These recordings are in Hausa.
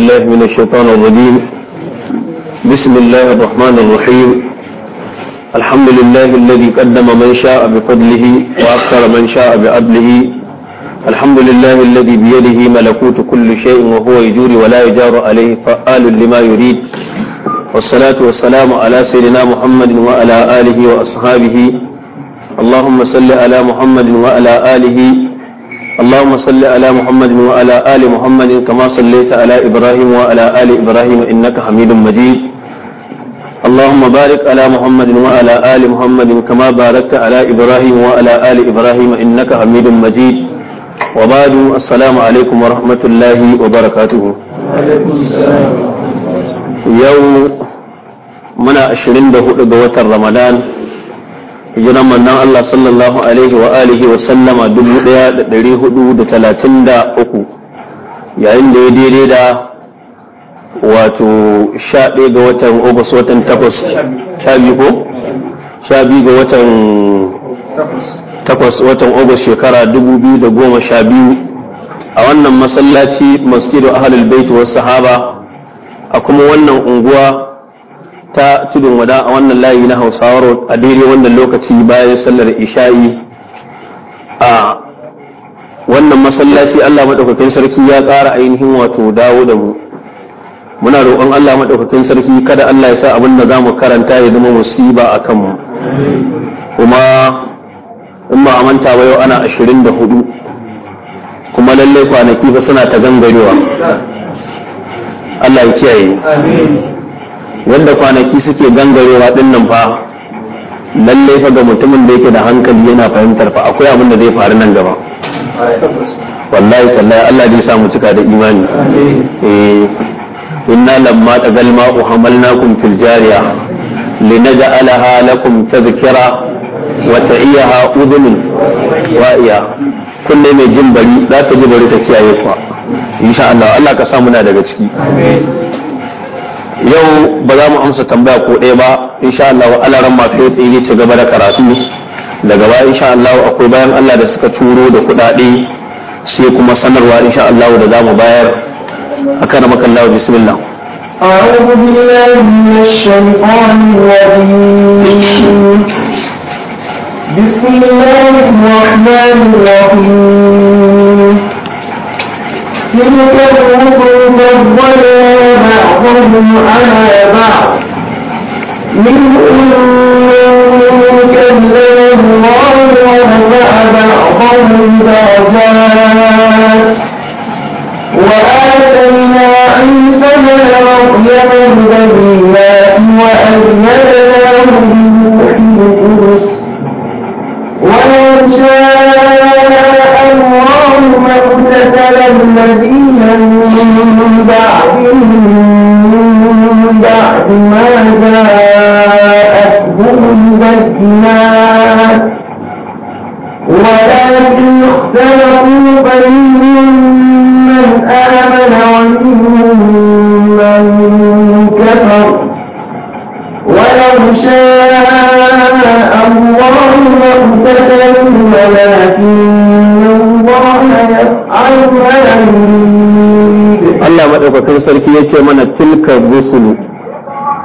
الله من الشيطان الرجيم بسم الله الرحمن الرحيم الحمد لله الذي قدم من شاء بفضله وأكثر من شاء بعدله الحمد لله الذي بيده ملكوت كل شيء وهو يجور ولا يجار عليه فآل لما يريد والصلاة والسلام على سيدنا محمد وعلى آله وأصحابه اللهم صل على محمد وعلى آله اللهم صل على محمد وعلى آل محمد كما صليت على إبراهيم وعلى آل إبراهيم إنك حميد مجيد اللهم بارك على محمد وعلى آل محمد كما باركت على إبراهيم وعلى آل إبراهيم إنك حميد مجيد وبعد السلام عليكم ورحمة الله وبركاته يوم muna 24 ga watan ramadan hijiran mannan Allah sallallahu alaihi wa alihi wa sallama dubu ɗaya da ɗari hudu da talatin da uku yayin da ya daidai da wato sha ɗaya ga watan Ogos watan takwas sha biyu ko? sha biyu ga watan takwas watan Ogos shekara dubu biyu da goma sha biyu a wannan masallaci masjidu ahalul bait wasu sahaba a kuma wannan unguwa ta tudun wada a wannan layi na hausawa a daidai wannan lokaci bayan sallar isha'i a wannan masallaci allah maɗaukakin sarki ya ƙara ainihin wato dawo da mu muna roƙon allah maɗaukakin sarki kada allah ya sa abin da za mu karanta ya zama musiba a kan mu kuma in ba a manta ba yau ana ashirin da hudu kuma lallai kwanaki ba suna ta gangarewa Allah ya kiyaye. wanda kwanaki suke gangarewa din nan fa lalle fa ga mutumin da yake da hankali yana fahimtar fa akwai abin da zai faru nan gaba wallahi tallahi Allah zai sa mu cika da imani eh inna lamma tagal ma'u hamalnakum fil jariya linaj'alaha lakum tadhkira wa ta'iyaha udhun wa'iya kunne mai jin bari za ta ji bari ta kiyaye kuwa insha Allah Allah ka sa muna daga ciki amin yau ba za mu amsa tambaya ko ɗaya ba sha Allah Allah ran mafi ya tsaye ci gaba da karatu daga baya sha Allah akwai bayan Allah da suka turo da kuɗaɗe sai kuma sanarwa sha Allah da za mu bayar a kan makan Allah bismillah أعوذ بالله من الشيطان الرجيم بسم الله الرحمن الرحيم تلك الرسل فضلنا بعضهم على بعض منهم من كلم الله ورفع بعضهم درجات وآتينا عيسى بن مريم البينات وأيدناه مثل الذين من بعدهم من بعد ما جاءتهم البينات ولكن اختلفوا فمنهم من آمن ومنهم من كفر ولو شاء الله ما ولكن Allah madaukakin sarki ya ce mana tilka rusulu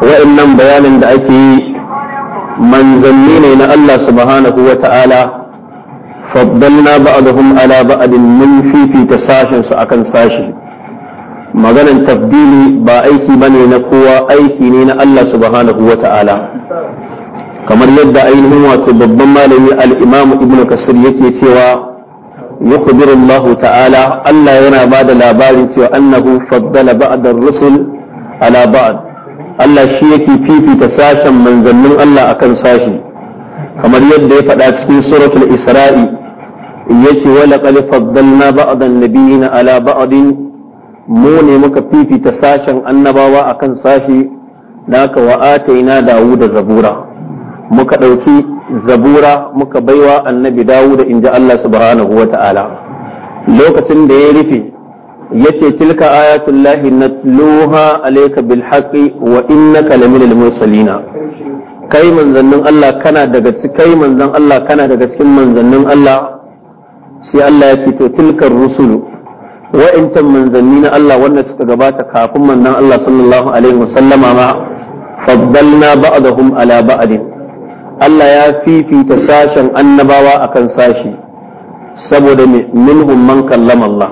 wa'annan bayanin da ake yi manzanni ne na Allah subhanahu wa ta'ala faddalna ba'dahum ala ba'din mun fifita sashin su akan sashi maganan tabdili ba aiki bane na kowa aiki ne na Allah subhanahu wa ta'ala kamar yadda ainihin wato babban malami al-Imam Ibn Kasir yake cewa يخبر الله تعالى ألا ينا بعد لا بارك وأنه فضل بعد الرسل على بعض ألا شيك في في تساشا من ذنن ألا أكن ساشي كما يد فدات في سورة الإسراء يتي ولقد فضلنا بعض النبيين على بعض مون مك في في تساشا أنبا وأكن ساشي ذاك وآتينا داود زبورا muka ɗauki zabura muka baiwa annabi dawo da inji Allah subhanahu wa ta'ala lokacin da ya rufe ya ce tilka ayatul lahi natluha alayka bil haqqi wa innaka laminal mursalina kai manzannin Allah kana daga kai manzan Allah kana daga cikin manzannin Allah sai Allah ya ce to tilkar rusulu Waɗancan manzanni na Allah wanda suka gabata kafin manzon Allah sallallahu alaihi wasallama ma faddalna ba'dahum ala ba'din Allah ya fifita sashen annabawa a kan sashi saboda minhum man kallama Allah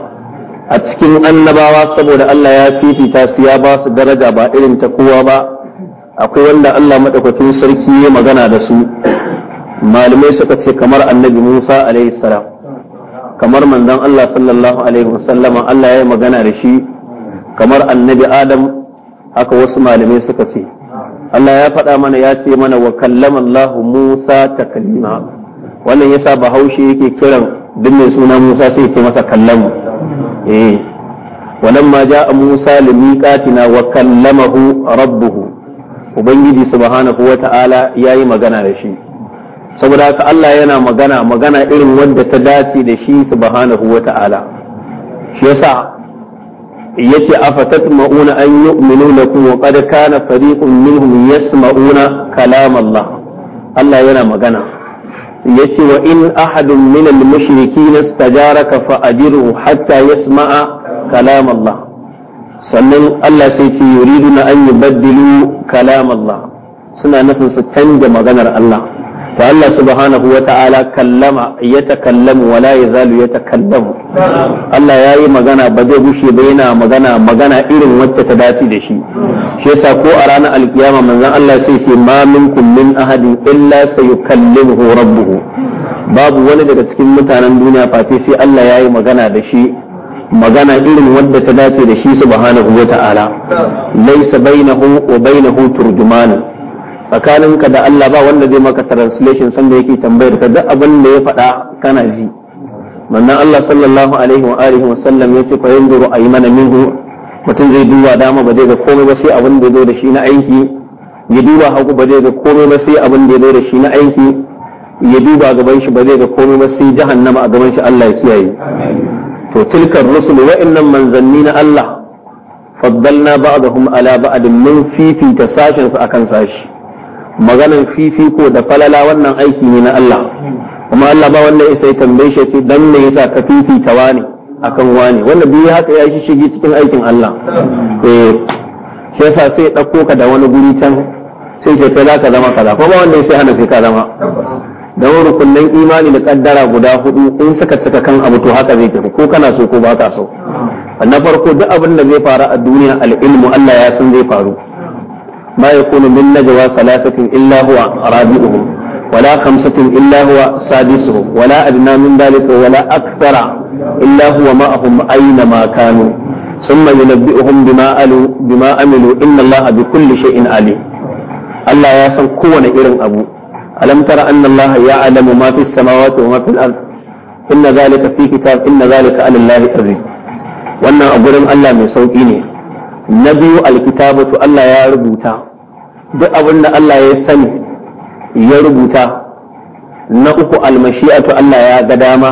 a cikin annabawa saboda Allah ya fifita su ya ba su daraja ba irin ta kowa ba akwai wanda Allah madaukakin sarki ya magana da su malamai suka ce kamar annabi Musa alaihi salam kamar manzon Allah sallallahu alaihi wasallama Allah ya yi magana da shi kamar annabi Adam haka wasu malamai suka ce Allah ya faɗa mana ya ce mana wa kallama Allah Musa taklima wannan yasa bahaushe yake kiran duk mai suna Musa sai ce masa kallamu eh walamma a Musa limiqatina wa kallamahu rabbuhu ubangiji subhanahu wata'ala yayi magana da shi saboda haka Allah yana magana magana irin wanda ta dace da shi subhanahu wata'ala shi yasa yace afatat ma'una an yu'minu lakum wa qad kana fariqun minhum yasma'una kalam Allah Allah yana magana yace wa in ahadun min al-mushrikin istajaraka fa ajiru hatta yasma'a kalam Allah sannan Allah sai ce yuriduna an yubaddilu kalam Allah suna nufin su canja maganar Allah to Allah subhanahu wa ta'ala kallama ya takallamu wala ya zalu ya takallamu Allah ya yi magana ba zai gushe ba yana magana magana irin wacce ta dace da shi shi yasa ko a ranar alkiyama manzon Allah sai ce ma minkum min ahadin illa sayukallimuhu rabbuhu babu wani daga cikin mutanen duniya face sai Allah ya yi magana irin wadda ta dace da shi subhanahu wa ta'ala laysa bainahu wa bainahu turjuman tsakaninka da Allah ba wanda zai maka translation sanda yake tambayar ka duk abin da ya faɗa kana ji Wannan Allah sallallahu alaihi wa alihi wa sallam yace fa yanzuru aymana minhu mutum zai duba dama ba zai ga komai ba sai abin da ya zo da shi na aiki ya duba hagu ba zai ga komai ba sai abin da ya zo da shi na aiki ya duba gaban shi ba zai ga komai ba sai jahannama a gaban shi Allah ya kiyaye to tilkar rusul wa'annan manzanni na Allah faddalna ba'dahum ala ba'd min fifita sashin su akan sashi maganan fifiko da falala wannan aiki ne na Allah kuma Allah ba wanda ya sai tambaye shi dan me yasa ka fifita wani akan wani wanda biyu haka ya shi shigi cikin aikin Allah eh shi yasa sai dauko ka da wani guri can sai ce kai zaka zama kaza ko ba wanda ya sai hana sai ka zama da rukunin imani da kaddara guda hudu in suka cika kan abu to haka zai tafi ko kana so ko ba ka so na farko duk abin da zai faru a duniya al ilmu Allah ya san zai faru ما يكون من نجوى ثلاثة إلا هو رابعهم ولا خمسة إلا هو سادسهم ولا أدنى من ذلك ولا أكثر إلا هو معهم أينما كانوا ثم ينبئهم بما ألوا بما أملوا إن الله بكل شيء عليم الله يا سن كون إرن أبو ألم تر أن الله يعلم ما في السماوات وما في الأرض إن ذلك في كتاب إن ذلك على الله عظيم wannan a gurin Allah mai sauƙi ne na biyu alkitabatu Allah ya rubuta duk abin da Allah ya sani ya rubuta na uku almashi'atu Allah ya ga dama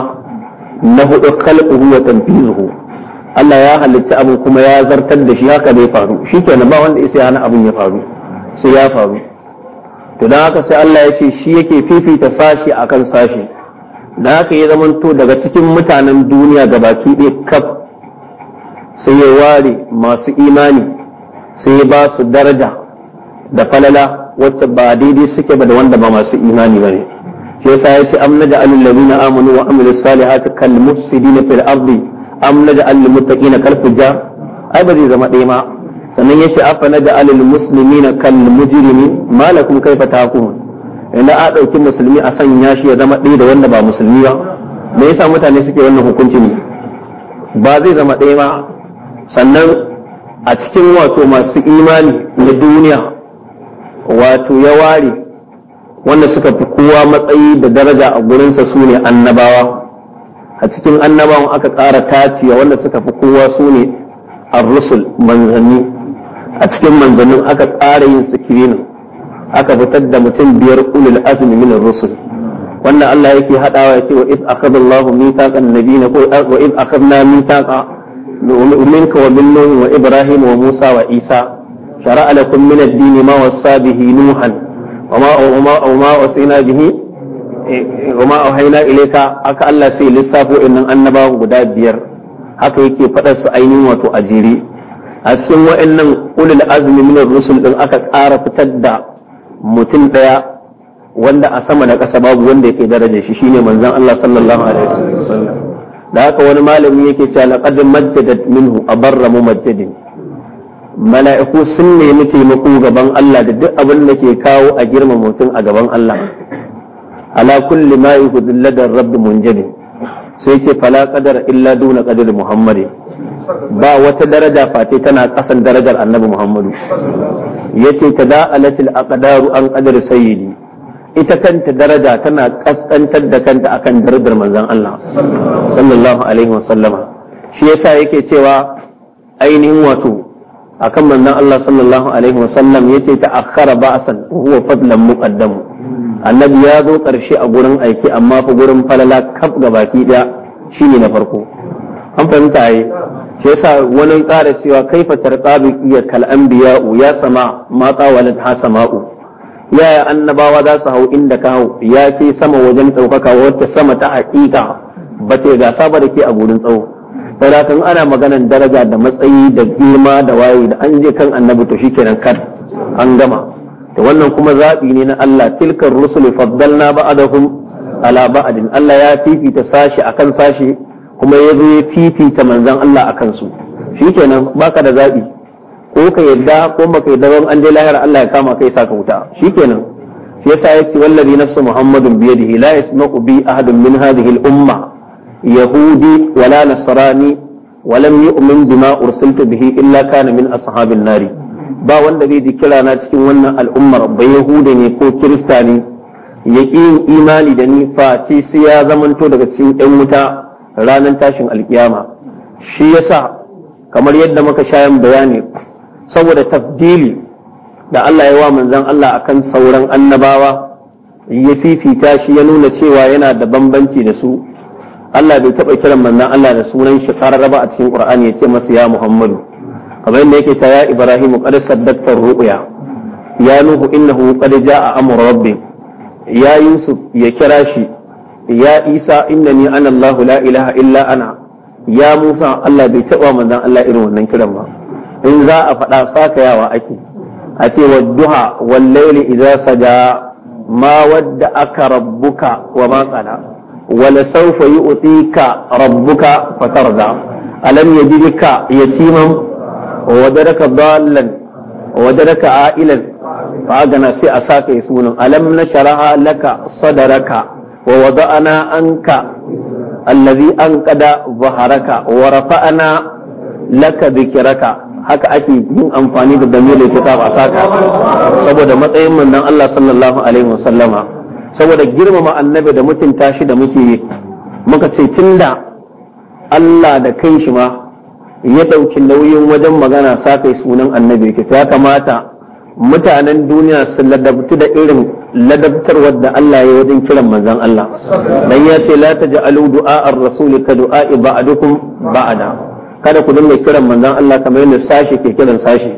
na hudu khalquhu wa tanfizuhu Allah ya halitta abu kuma ya zartar da shi haka bai faru shikenan ba wanda isa hana abin ya faru sai ya faru to dan haka sai Allah ya ce shi yake fifita sashi akan sashi dan haka ya zamanto daga cikin mutanen duniya gabaki ɗaya kaf sai ya ware masu imani sai ya ba su daraja da falala wacce ba daidai suke ba da wanda ba masu imani ba ne shi yasa ya ce am naja alil ladina amanu wa amilus salihati kal mufsidina fil ardi amna da alil muttaqina kal fujjar ai ba zai zama dai ma sannan ya yace afa da alil muslimina kal mujrimin malakum kaifa tahkumun idan a ɗauki musulmi a sanya shi ya zama dai da wanda ba musulmi ba me yasa mutane suke wannan hukunci ne ba zai zama dai ma sannan a cikin wato masu imani na duniya wato ya ware wanda suka fi kowa matsayi da daraja a gurinsa su ne annabawa a cikin annabawan aka ƙara taciya wanda suka fi kowa su ne rusul manzanni a cikin manzannin aka ƙara yin sikirin, aka fitar da mutum biyar ulul azumi min rusul wannan Allah yake haɗawa ya ce wa iz akhadallahu mithaqan nabiyina ko wa iz akhadna mithaqa منك wa نوح wa ibrahim wa musa لكم من الدين ما وصى به نوحا وما وما وما وصينا به وما أوحينا إليك أكا الله سي لسافو إن أنبا haka yake faɗar su ainihin wato a jere a cikin waɗannan ulul azmi min rusul din aka ƙara fitar da mutum ɗaya wanda a sama da ƙasa babu wanda yake darajar shi shine manzon Allah sallallahu alaihi da haka wani malami yake cewa laqad majjadat minhu abarra mumajjadin mala'iku sun nemi taimako gaban Allah da duk abin da ke kawo a girma mutum a gaban Allah ala kulli ma ladar rabb munjadin sai ce fala qadar illa duna qadar muhammadin ba wata daraja face tana kasan darajar annabi muhammadu yace alatil aqdaru an qadar sayyidi ita kanta daraja tana kaskantar da kanta akan darajar manzon Allah sallallahu alaihi wasallama shi yasa yake cewa ainihin wato akan manzon Allah sallallahu alaihi wasallam yace ta akhara ba'san huwa fadlan muqaddam annabi ya zo karshe a gurin aiki amma fa gurin falala kaf gabaki daya shine na farko an fahimta ai shi yasa wani ƙara cewa kaifa tarqabi iya kal anbiya ya sama ma qawalat ha sama'u yaya annabawa za su hau inda ka hau ya ke sama wajen ɗaukaka wacce sama ta haƙiƙa ba ce ga saba da ke a gurin tsawo saboda ana maganan daraja da matsayi da girma da waye da an je kan annabi to shikenan kan an gama Da wannan kuma zaɓi ne na Allah tilkar rusul faddalna ba'adahum ala ba'adin Allah ya fifita sashi akan sashi kuma ya zo ya fifita manzon Allah akan su shikenan baka da zaɓi ko ka yadda ko baka yadda ban an je lahira Allah ya kama kai ka wuta shikenan shi yasa yace wallazi nafsu muhammadun bi yadihi la yasma'u bi ahadun min hadhihi al-umma yahudi wala nasrani ولم يؤمن بما أرسلت bihi illa كان من أصحاب النار ba wanda zai ji kira na cikin wannan al'ummar ba yahuda ne ko kirista ne ya yin imani da ni face sai ya zamanto daga cikin ɗan wuta ranar tashin alkiyama shi yasa kamar yadda muka shayan bayani saboda tafdili da Allah ya wa manzon Allah akan sauran annabawa ya fifita shi ya nuna cewa yana da bambanci da su Allah bai taɓa kiran manzan Allah da sunan shi kararraba a cikin Qur'ani ya ce masa ya Muhammadu kamar yadda yake ta ya Ibrahimu qad saddaqta ru'ya ya Nuhu innahu qad jaa amru rabbi ya Yusuf ya kira shi ya Isa innani ana Allah la ilaha illa ana ya Musa Allah bai taɓa manzon Allah irin wannan kiran ba in za a faɗa sakayawa ake a ce wa duha wallaili idza saja ma wadda aka rabbuka wa ma qala wala sawfa yu'tika rabbuka da. alam ya yajidka yatiman wa daraka dallan wa daraka ailan fa gana sai a saka ya sunan alam na nasharaha laka sadaraka wa wada'ana anka allazi anqada zaharaka wa rafa'ana laka dhikraka haka ake yin amfani da damirin kitab a saka saboda matsayin manzon Allah sallallahu alaihi wasallama saboda girmama annabi da mutunta shi da muke muka ce tunda Allah da shi ma ya ɗauki nauyin wajen magana sakai sunan annabi yake ya kamata mutanen duniya su ladabtu da irin ladabtarwar da Allah ya wajen kiran manzon Allah dan ya ce la taj'alu du'a ar-rasul ka du'a ba'dukum ba'da kada ku dinga kiran manzon Allah kamar yadda sashi ke kiran sashi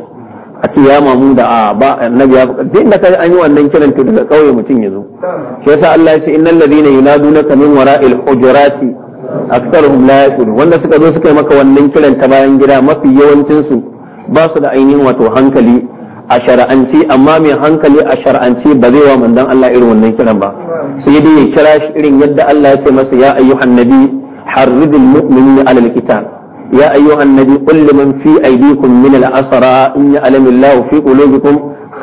a ce ya mamu da a ba annabi ya fuka duk da kai an yi wannan kiran to daga kauye mutum ya zo shi yasa Allah ya ce innal ladina yunadunaka min wara'il hujurati aktharuhum la yaqulun wanda suka zo suka yi maka wannan kiran ta bayan gida mafi yawancin su ba su da ainihin wato hankali a shar'anci amma mai hankali a shar'anci ba zai wa manzon Allah irin wannan kiran ba sai dai ya kira shi irin yadda Allah ya ce masa ya ayyuhan nabi harridil mu'minina alal qital يا أيها النبي قل لمن في أيديكم من الأسرى إن يعلم الله في قلوبكم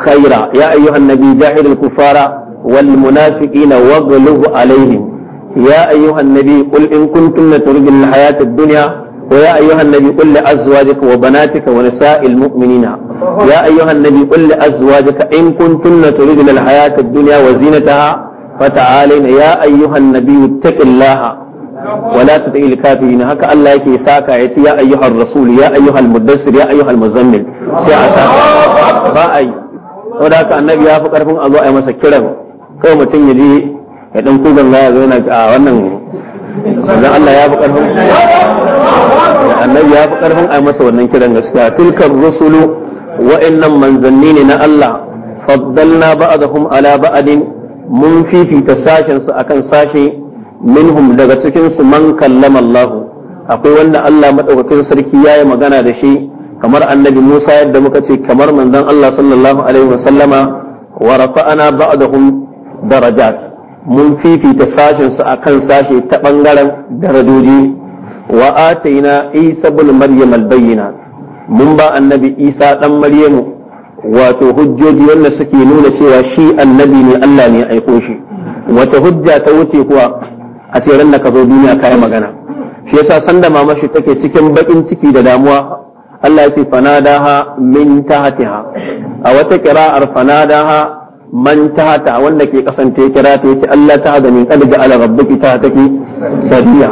خيرا يا أيها النبي جاهد الكفار والمنافقين واغلظ عليهم يا أيها النبي قل إن كنتن تريدن الحياة الدنيا ويا أيها النبي قل لأزواجك وبناتك ونساء المؤمنين يا أيها النبي قل لأزواجك إن كنتن تريدن الحياة الدنيا وزينتها فتعالين يا أيها النبي اتق الله wala tudil kafirin haka Allah yake sa ka ya ayyuhar rasul ya ayyuhal mudassir ya ayyuhal muzammil sai a saka ba ai annabi ya fi karfin a zo a yi masa kiran kai mutum ya je ya dan kugan ya zo a wannan dan Allah ya fi karfin annabi ya fi karfin a yi masa wannan kiran gaskiya tilkar rusulu wa'annan manzanni ne na Allah faddalna ba'dahum ala ba'din mun fifita sashen su akan sashe minhum daga cikin su man kallama Allah akwai wanda Allah madaukakin sarki yayi magana da shi kamar annabi Musa yadda muka ce kamar manzon Allah sallallahu alaihi wasallama wa rafa'ana ba'dahum darajat mun fifita sashin su akan sashe ta bangaren darajoji wa ataina Isa ibn Maryam al-bayyina mun ba annabi Isa dan Maryamu wato hujjoji wanda suke nuna cewa shi annabi ne Allah ne aiko shi wata hujja ta wuce kuwa a ce ran da ka zo duniya kai magana shi yasa sanda mama shi take cikin bakin ciki da damuwa Allah ya ce fanadaha min tahtiha a wata qira'ar fanadaha man tahta wanda ke kasance kira ta yace Allah ta hada min qad ja'ala ta tahtaki sadiya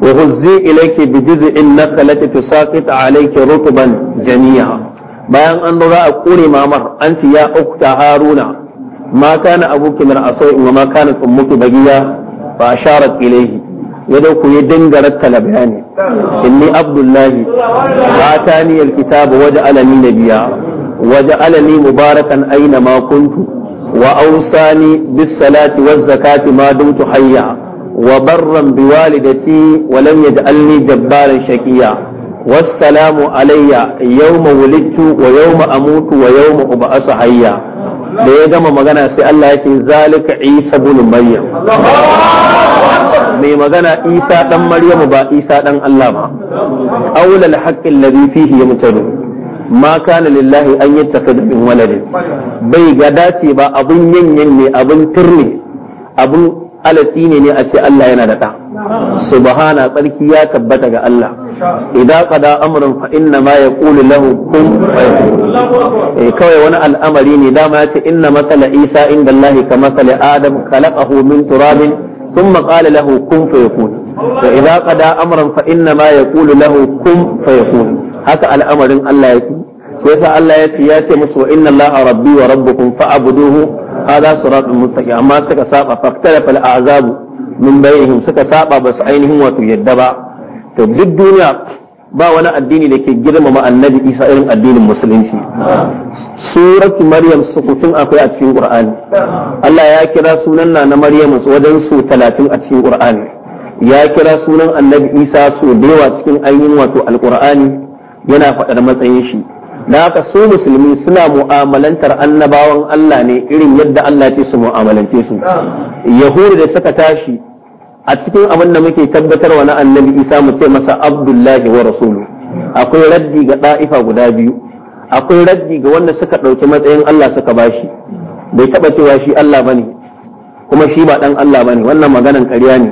wa huzzi ilayki bi juz'in nakalati tusaqit alayki rutban janiya bayan an za a kure mamar an ci ya ukta haruna ma kana abuki min asai wa ma kana ummuki bagiya fa asharat ilayhi ya dauko ya dinga rattala bayani inni abdullahi atani alkitaba waje alani biya. waje alani mubarakan aina ma kuntu wa ausani bis salati waz zakati ma dumtu hayya wa barran bi walidati wa lam yaj'alni jabbaran shaqiya wassalamu alayya yawma wulidtu wa yawma amutu wa yawma ub'asu hayya da ya gama magana sai Allah ya ce zalika Isa ibn Maryam mai magana Isa dan maryam ba Isa dan Allah ba aula al-haqqi alladhi fihi yamtaru ma kana lillahi an yattakhidha min waladin bai ga dace ba abun yanyan ne abun turne abun alatsi ne ne a ce Allah yana da ɗa subhana tsarki ya tabbata ga Allah idan qada amrun fa inna ma yaqulu lahu kun eh kawai wani al'amari ne dama ya ce inna masala isa inda Allah ka masala adam khalaqahu min turabin thumma qala lahu kun fayakun wa idan qada amran fa inna ma yaqulu lahu kun fayakun haka al'amarin Allah yake sai sa Allah ya ce ya ce musu wa inna Allah rabbi wa rabbukum fa'buduhu hada siratul muttaqin amma suka saba faktara fal azabu min bainihim suka saba ba su ainihin wato yadda ba to duk duniya ba wani addini da ke girmama annabi isa irin addinin musulunci suratu maryam sukutun akwai a cikin qur'ani Allah ya kira sunan na maryam wajen su talatin a cikin qur'ani ya kira sunan annabi isa su da yawa cikin ainihin wato alqur'ani yana faɗar matsayin shi da haka su musulmi suna mu'amalantar annabawan Allah ne irin yadda Allah ce su mu'amalance su yahudu da suka tashi a cikin abin da muke tabbatarwa na annabi isa mu ce masa abdullahi wa rasulu akwai raddi ga ɗa'ifa guda biyu akwai raddi ga wanda suka ɗauki matsayin Allah suka bashi bai taɓa cewa shi Allah bane kuma shi ba ɗan Allah bane wannan maganan ƙarya ne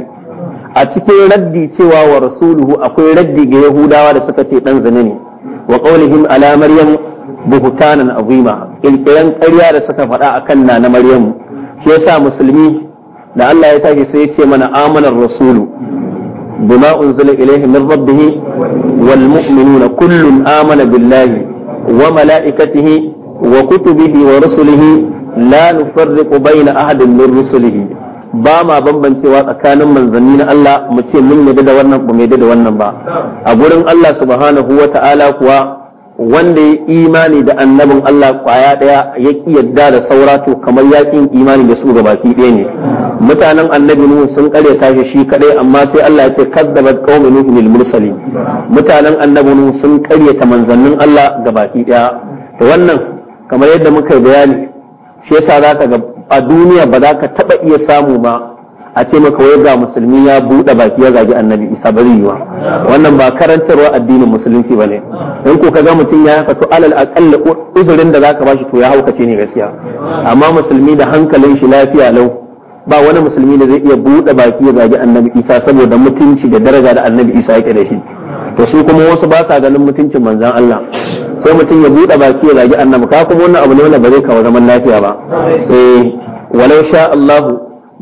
a cikin raddi cewa wa rasuluhu akwai raddi ga yahudawa da suka ce ɗan zane ne wa qawlihim ala maryam buhtanan azima kirkiran ƙarya da suka faɗa akan na na maryam shi yasa musulmi da Allah ya tashi sai yace ce mana amanar rasulu bima unzila ilayhi min rabbih wal mu'minuna kullun amana billahi wa malaikatihi wa kutubihi wa rusulihi la nufarriqu bayna ahadin min rusulihi ba ma bambancewa tsakanin manzanni na Allah mu ce mun yadda da wannan ba mu yadda da wannan ba a gurin Allah subhanahu wa ta'ala kuwa wanda ya imani da annabin Allah kwaya daya ya ki yadda da saura to kamar yakin imani da su baki ɗaya ne mutanen annabi nuhu sun kare ta shi kadai amma sai Allah ya ce kadzabat qaumun nuhu lil mursalin mutanen annabi nuhu sun kare ta manzannin Allah baki daya to wannan kamar yadda muka bayani shi yasa zaka ga a duniya ba za ka taɓa iya samu ba a ce maka wai ga musulmi ya buɗe baki ya zagi annabi isa ba zai wannan ba karantarwa addinin musulunci ba ne in ko ka ga mutum ya haka to alal akalla uzurin da zaka bashi to ya haukace ne gaskiya amma musulmi da hankalin shi lafiya lau ba wani musulmi da zai iya buɗe baki ya zagi annabi isa saboda mutunci da daraja da annabi isa yake da shi to su kuma wasu ba sa ganin mutuncin manzan Allah sai mutum ya buɗe baki ya zagi annabi ka kuma wannan abu ne wanda ba zai kawo zaman lafiya ba eh walau sha Allah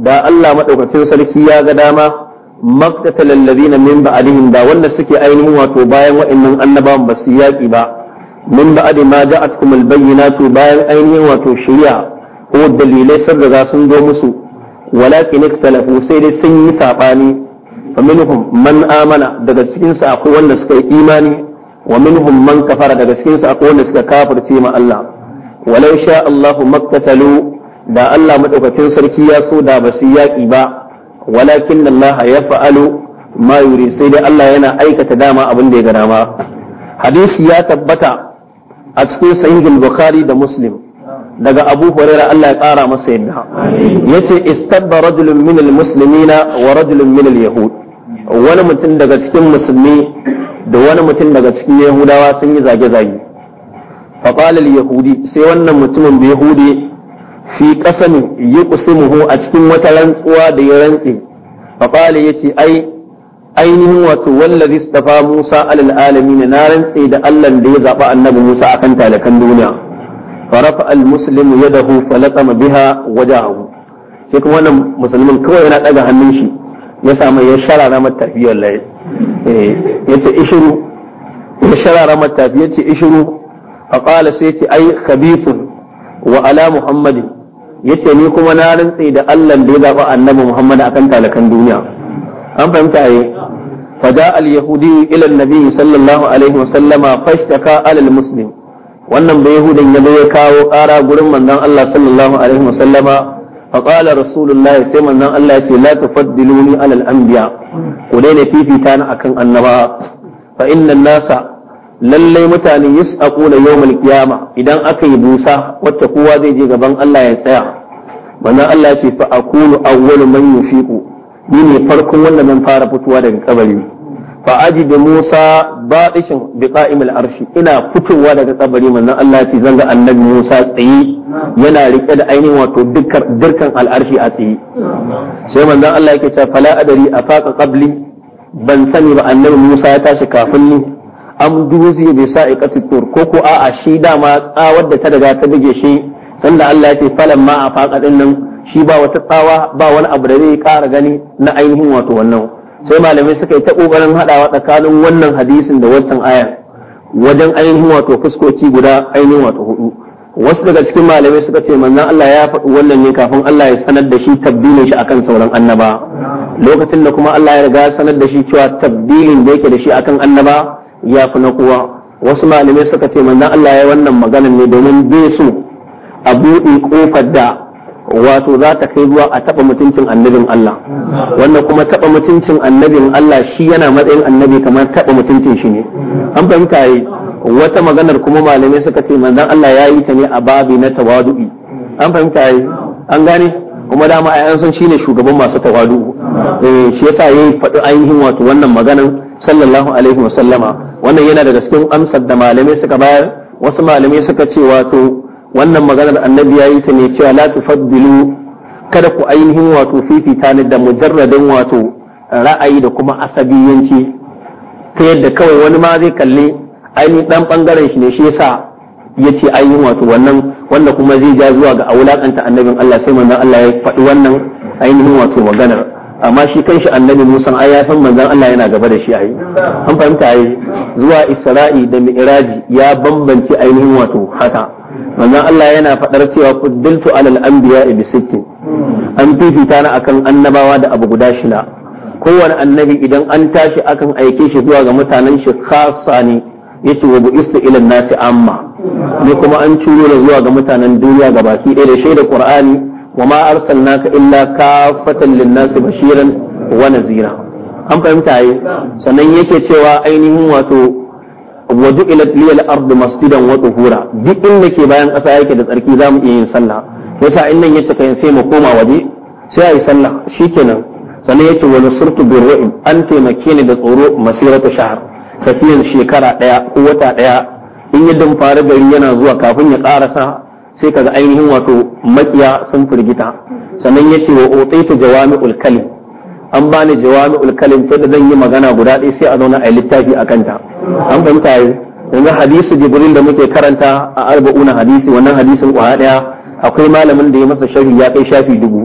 da Allah madaukakin sarki ya ga dama maqtatal ladina min ba'dihim da wanda suke ainihin wato bayan wa'annan annabawan ba su yaki ba min ba'di ma ja'atkum al bayan ainihin wato shari'a ko dalilai sabda sun zo musu walakin ikhtalafu sai dai sun yi sabani fa minhum man amana daga cikin sa wanda suka yi imani wa minhum man kafara daga cikinsa sa akwai wanda suka kafirce ma Allah walau sha Allahu maktatalu da Allah madaukakin sarki ya so da basu yaki ba walakin Allah ya fa'alu ma yuri sai dai Allah yana aikata dama abin da ya ga dama hadisi ya tabbata a cikin sahihul bukhari da muslim daga abu huraira Allah ya kara masa yadda Ya yace istabba rajulun min almuslimina wa rajulun min alyahud wani mutum daga cikin musulmi da wani mutum daga cikin yahudawa sun yi zage-zage faƙalar yahudi sai wannan mutumin da yahudi fi ƙasamin yi kusimuhu a cikin wata rantsuwa da ya rantse faƙalar ya ce ai ainihin wato wallazi stafa musa alal ne, na rantse da allah da ya zaɓa annabi musa akan talakan duniya farafa al muslimu yadahu falatama biha wajahu sai kuma wannan musulmin kawai yana ɗaga hannun shi ya samu ya sharara mata tafi wallahi eh, ya ce ishiru ya sharara mata tafi ce ishiru a ƙala sai ce ai khabithun wa ala muhammadin ya ce ni kuma na rantse da allah da ya zaɓa annabi muhammad kan talakan duniya an fahimta yi فجاء اليهودي إلى النبي صلى الله عليه وسلم فاشتكى alal المسلم wannan ba yahudan ya ya kawo ƙara gurin manzon Allah sallallahu alaihi wasallama فقال رسول الله سيما أن الله لا تفضلوني على الأنبياء ولين في في تانا أكن النبا innan الناس lallai mutane ƙula yawmal kiyama idan aka yi busa wacce kowa zai je gaban Allah ya tsaya manzo Allah ya ce fa a wani man fiƙo. ni ne farkon wanda zan fara fitowa daga kabari fa da Musa baɗishin bi qa'imil arshi ina fitowa daga kabari manzon Allah ya zanga annabi Musa tsaye yana rike da ainihin wato dukkan dirkan al'arshi a tsaye sai manzon Allah yake cewa fala adari faka qabli ban sani ba annabi Musa ya tashi kafin ni am duzi bi sa'iqati tur ko ko a'a shi dama tsawar da ta daga ta buge shi sanda Allah ya ce falan ma afaqa din nan shi ba wata tsawa ba wani abu da zai kara gani na ainihin wato wannan sai malamai suka yi ta kokarin hadawa tsakanin wannan hadisin da wancan ayar wajen ainihin wato fuskoci guda ainihin wato hudu wasu daga cikin malamai suka ce manzon Allah ya faɗi wannan ne kafin Allah ya sanar da shi tabbilin shi akan sauran annaba lokacin da kuma Allah ya riga ya sanar da shi cewa tabbilin da yake da shi akan annaba ya fi na kowa wasu malamai suka ce manzon Allah ya yi wannan maganar ne domin bai so a buɗe kofar da wato za ta kai zuwa a taɓa mutuncin annabin Allah wannan kuma taɓa mutuncin annabin Allah shi yana matsayin annabi kamar taɓa mutuncin shi ne an fahimta yi wata maganar kuma malamai suka ce manzan Allah ya yi ta ne a babi na tawadu'i an fahimta yi an gane kuma dama a yansan shi ne shugaban masu tawadu'u eh, shi yasa yi faɗi ainihin wato wannan maganar sallallahu alaihi wa sallama wannan yana daga cikin amsar da malamai suka bayar wasu malamai suka ce wato wannan maganar annabi ya yi ta ne cewa la tufaddilu kada ku ainihin wato fifita ni da mujarradin wato ra'ayi da kuma asabiyanci ta yadda kawai wani ma zai kalli ainihin dan bangaren shi ne shi yasa ya ce ainihin wato wannan wanda kuma zai ja zuwa ga awulakanta annabin Allah sai manzon Allah ya faɗi wannan ainihin wato maganar amma shi kan shi annabi Musa ai ya san manzon Allah yana gaba da shi ai an fahimta ai zuwa Isra'i da Mi'raji ya bambance ainihin wato haka manzon Allah yana faɗar cewa fuddiltu alal anbiya bi sittin an fifita na akan annabawa da abu guda shida kowane annabi idan an tashi akan aike shi zuwa ga mutanen shi khassa ne yace wa bu'istu ila nasi amma ne kuma an ciro da zuwa ga mutanen duniya gabaki ɗaya da shaida qur'ani wa ma arsalnaka illa kafatan lin-nasi bashiran wa nazira an fahimta yi sannan yake cewa ainihin wato وجعلت لي الارض مسجدا وطهورا duk inda ke bayan ƙasa yake da tsarki zamu iya yin sallah yasa in nan yace kai sai mu koma waje sai ayi sallah shikenan sannan yace wa nusirtu birru'in an taimake ni da tsoro masiratu shahr tafiyan shekara daya ko wata daya in ya dumfara gari yana zuwa kafin ya karasa sai kaga ainihin wato makiya sun firgita sannan yace wa utaitu jawami'ul kalim an bani jawami ulkalin sai da zan yi magana guda ɗaya sai a zauna a littafi a kanta an fahimta yanzu hadisi jibril da muke karanta a arba'una hadisi wannan hadisin kwaya ɗaya akwai malamin da ya masa shafi ya kai shafi dubu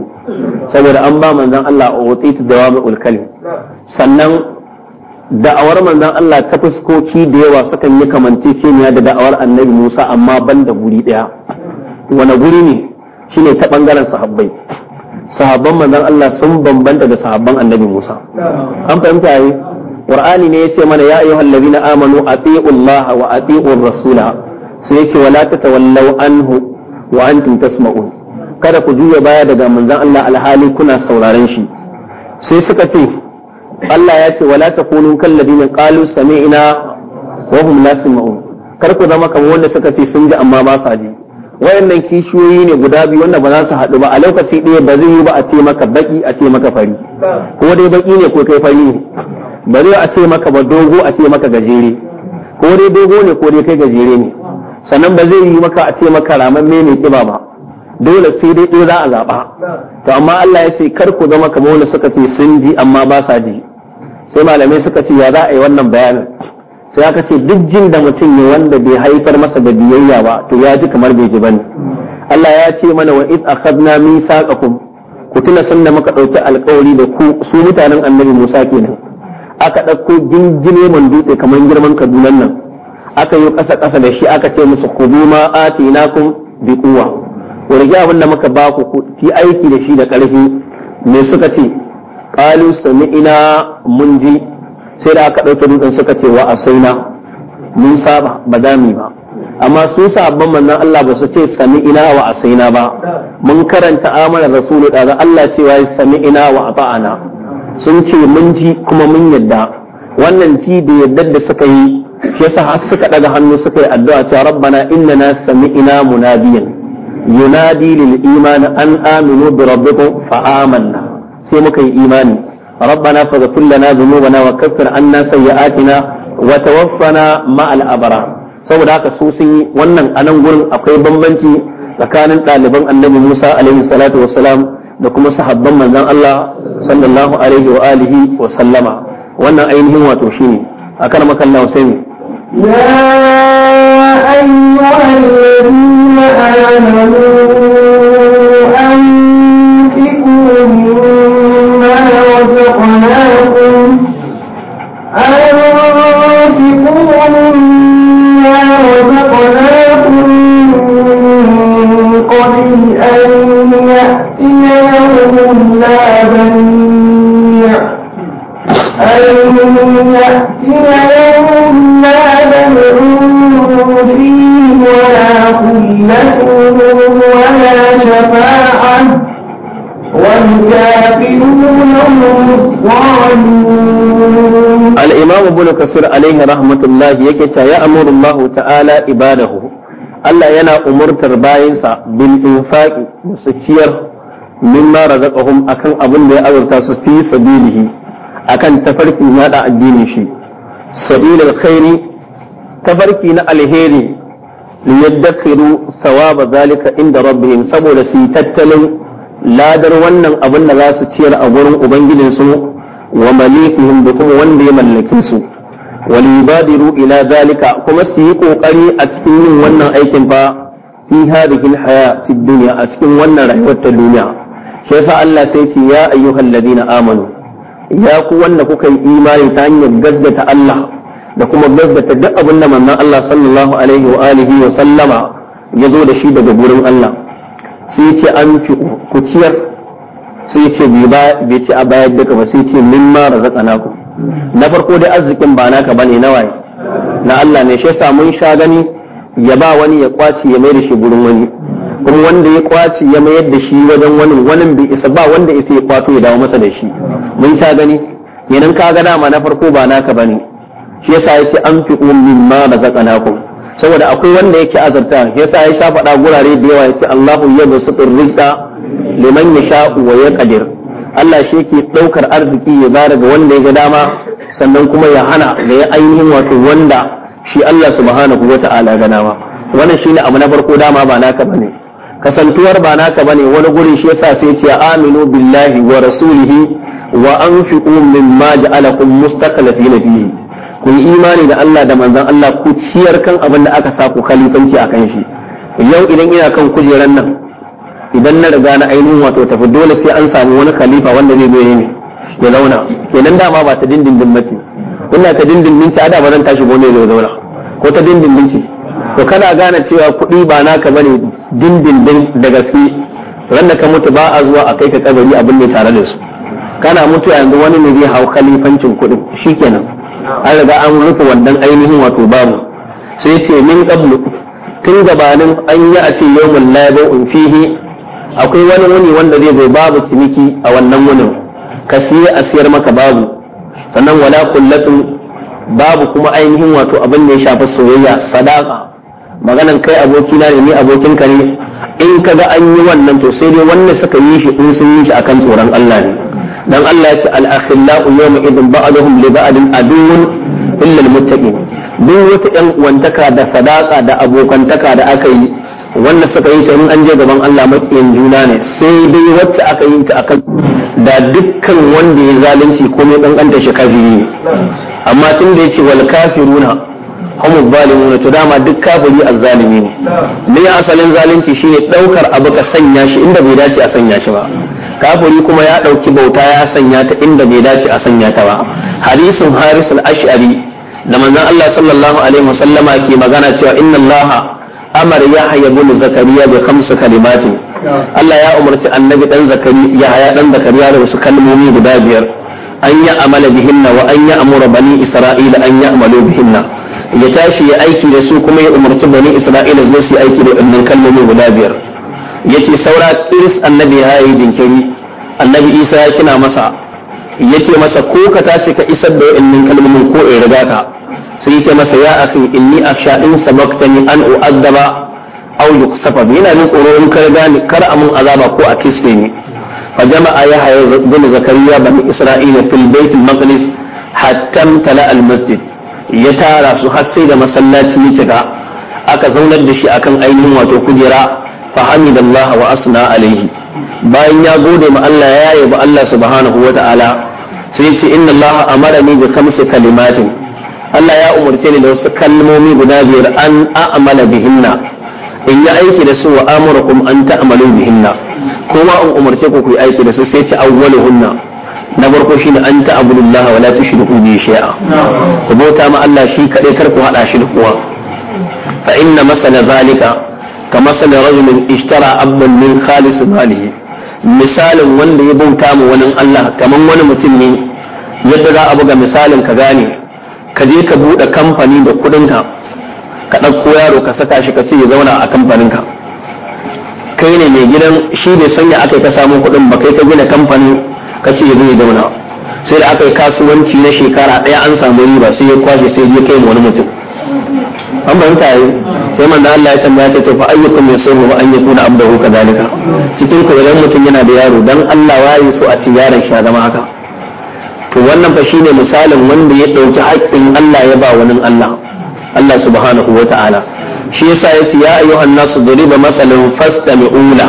saboda an ba manzan Allah a watitu jawami kalim sannan da'awar manzon Allah ta fuskoki da yawa sukan yi kamanceceniya da da'awar annabi Musa amma ban da guri ɗaya wani guri ne shine ta bangaren sahabbai sahabban manzon Allah sun bambanta da sahabban annabi Musa an fahimta yi Qur'ani ne yace mana ya ayyuhal ladina amanu atiullaha wa atiur rasula sai yake wala tatawallaw anhu wa antum tasma'un kada ku juya baya daga manzon Allah alhali kuna sauraren shi sai suka ce Allah ya ce wala takunu kal ladina qalu sami'na wa hum la kar ku zama kamar wanda suka ce sun ji amma ba sa ji wayannan kishiyoyi ne guda biyu wanda ba za su haɗu ba a lokaci ɗaya ba zai yi ba a ce maka baki a ce maka fari ko dai baki ne ko kai fari ne ba zai a ce maka ba dogo a ce maka gajere ko dai dogo ne ko dai kai gajere ne sannan ba zai yi maka a ce maka me ne kiba ba dole sai dai ɗaya za a zaɓa to amma Allah ya ce kar ku zama kamar wanda suka ce sun ji amma ba sa ji sai malamai suka ce ya za a yi wannan bayanin sai aka ce duk jin da mutum ne wanda bai haifar masa da biyayya ba to ya ji kamar bai ji ba ne. Allah ya ce mana wa id akhadna mithaqakum ku tuna sanda muka dauki alƙawari da ku su mutanen annabi Musa kenan aka dauko jinjine man dutse kamar girman kadunan nan aka yi kasa kasa da shi aka ce musu ku ma atinakum bi quwwa ku rige abin da muka ba ku fi aiki da shi da ƙarfi me suka ce qalu sami'ina mun ji sai da aka ɗauke dutsen suka ce wa asaina mun saba ba za mu ba amma su sabon manzon Allah ba su ce sami ina wa asaina ba mun karanta amanar rasulu da Allah cewa sami ina wa ata'ana sun ce mun ji kuma mun yadda wannan ji da yadda da suka yi shi yasa har suka daga hannu suka yi addu'a cewa rabbana innana samiina munabiyan yunadi lil imani an aminu bi rabbikum fa amanna sai muka yi imani ربنا فاغفر لنا ذنوبنا وكفر عنا سيئاتنا وتوفنا مع الأبرار saboda haka su sun yi wannan a nan gurin akwai bambanci tsakanin ɗaliban annabi Musa alaihi salatu wa salam da kuma sahabban manzon Allah sallallahu alaihi wa alihi wa sallama wannan ainihin wato shine akan makalla Hussein ya ayyuhal ladina amanu kasir alaihi rahmatullah yake ta ya amurullahu ta'ala ibadahu Allah yana umurtar bayansa bil infaqi su ciyar mimma razaqahum akan abin da ya azurta su fi sabilihi akan tafarkin yada addinin shi sabilul khairi tafarki na alheri liyaddakhiru sawaba zalika inda rabbihim saboda suyi tattalin ladar wannan abin da za su ciyar a gurin ubangijinsu wa malikihim da kuma wanda ya mallake su wal yubadiru ila zalika kuma su yi a cikin yin wannan aikin fa fi hadhihi hayati a cikin wannan rayuwar ta duniya shi yasa Allah sai ce ya ayyuhal ladina amanu ya ku wanda kuka yi imani ta hanyar gaggata Allah da kuma gaggata duk abin da manzon Allah sallallahu alaihi wa wa sallama ya zo da shi daga gurin Allah sai ce an fi ku ciyar ce bai ci a bayar duka ba sai ce mimma razaqnakum na farko dai arzikin ba naka bane na waye na Allah ne shi yasa mun sha gani ya ba wani ya kwaci ya mai da shi gurin wani kuma wanda ya kwaci ya mayar da shi wajen wani wani bai isa ba wanda isa ya kwato ya dawo masa da shi mun sha gani kenan ka ga dama na farko ba naka bane shi yasa yake an fi ummin ma razaqnakum saboda akwai wanda yake azarta yasa ya sha faɗa gurare da yawa yace Allahu yabsutur rizqa liman yasha'u wa yaqdir Allah shi yake ɗaukar arziki ya bara ga wanda ya ga dama sannan kuma ya hana ga ya ainihin wato wanda shi Allah subhanahu wa ta'ala ga dama wannan shine abu na farko dama ba naka bane kasantuwar ba naka bane wani guri shi yasa sai ce aminu billahi wa rasulihi wa anfiqu mimma ja'alakum mustaqlifina fihi ku yi imani da Allah da manzon Allah ku ciyar kan abin da aka sa ku khalifanci akan shi yau idan ina kan kujeran nan idan na riga na ainihin wato tafi dole sai an samu wani khalifa wanda zai zo ne ya zauna kenan dama ba ta dindindin mace, ina ta dindindin ci ada ba zan tashi gome zai zauna ko ta dindindin ci to kana gane cewa kuɗi ba naka bane dindindin da gaske ran da ka mutu ba a zuwa a kai ka kabari abin ne tare da su kana mutu yanzu wani ne zai hau khalifancin kuɗin shikenan an riga an rufe wannan ainihin wato babu sai ce min qablu tun gabanin an yi a ce yawmul la ba'un fihi akwai wani wuni wanda zai zo babu ciniki a wannan wunin ka siya a siyar maka babu sannan wala kullatun babu kuma ainihin wato abin da ya shafi soyayya sadaka maganan kai abokina ne ni abokinka ne in ka ga an yi wannan to sai dai wannan suka yi shi in sun yi shi akan tsoron Allah ne dan Allah ya ce al-akhillau yawma idin ba'dhum li ba'din aduwwun illa al duk wata yan uwantaka da sadaka da abokantaka da aka yi wanda suka yi ta in an je gaban Allah maƙiyin juna ne sai dai wacce aka yi ta akan da dukkan wanda ya zalunci mai ɗanɗanta shi kafiri ne amma tun da yake wal kafiruna hum zalimuna to dama duk kafiri azzalimi ne ne asalin zalunci shine ɗaukar abu ka sanya shi inda bai dace a sanya shi ba kafiri kuma ya ɗauki bauta ya sanya ta inda bai dace a sanya ta ba hadisin harisul ash'ari da manzon Allah sallallahu alaihi wasallama ke magana cewa inna Allah amara yahya ibn zakariya bi khamsu kalimatin Allah ya umarci annabi dan zakari zakariya da wasu kalmomi guda biyar an ya amala bihinna wa an ya bani isra'ila an ya bihinna ya tashi ya aiki da su kuma ya umarci bani isra'ila zo su aiki da wannan kalmomi guda biyar yace saura kiris annabi ya yi jinkiri annabi isa ya kina masa yace masa ko ka tashi ka isar da wa'annan kalmomi ko in riga ka sai yake masa ya akhi inni akhsha in sabaqtani an u'adaba aw yuksafa yana jin tsoro in kar gani kar amun azaba ko a kisne ni fa jama'a ya haya bin zakariya bani isra'ila fil bait al maqdis hatta tala al masjid ya tara su har sai da masallaci ya cika aka zaunar da shi akan ainihin wato kujera fa hamidallah wa asna alaihi bayan ya gode ma Allah ya ba Allah subhanahu wa ta'ala sai ya ce inna Allah amara ni bi khamsi kalimatin Allah ya umarce ni da wasu kalmomi guda biyar an a'mala bihinna in yi aiki da su wa amurakum an ta'malu bihinna kuma in umarce ku ku yi aiki da su sai ta hunna. na farko shine an ta'budullaha wa tushriku bihi shay'a ku bauta ma Allah shi kaɗai kar ku hada shi da kowa fa inna masala zalika ka masala rajulin ishtara abdan min khalis malihi misalin wanda ya bauta ma wani Allah kaman wani mutum ne yadda za a buga misalin ka gane ka je ka buɗe kamfani da kuɗinka ka ɗauko yaro ka saka shi ka ce ya zauna a kamfaninka kai ne mai gidan shi ne sanya aka yi ka samu kuɗin ba kai ka gina kamfanin ka ce ya zo zauna sai da aka yi kasuwanci na shekara ɗaya an samu riba sai ya kwashe sai ya kai wani mutum an fahimta yi sai manda Allah ya tambaya ta to fa ayyukum yasirru wa an yakuna abdahu kadhalika cikin ku idan mutum yana da yaro dan Allah waye so a ci yaron shi zama haka to wannan fa shine misalin wanda ya ɗauki haƙƙin Allah ya ba wani Allah Allah subhanahu wata'ala ta'ala shi yasa yace ya ayyuhan nasu duriba masalan fastami'una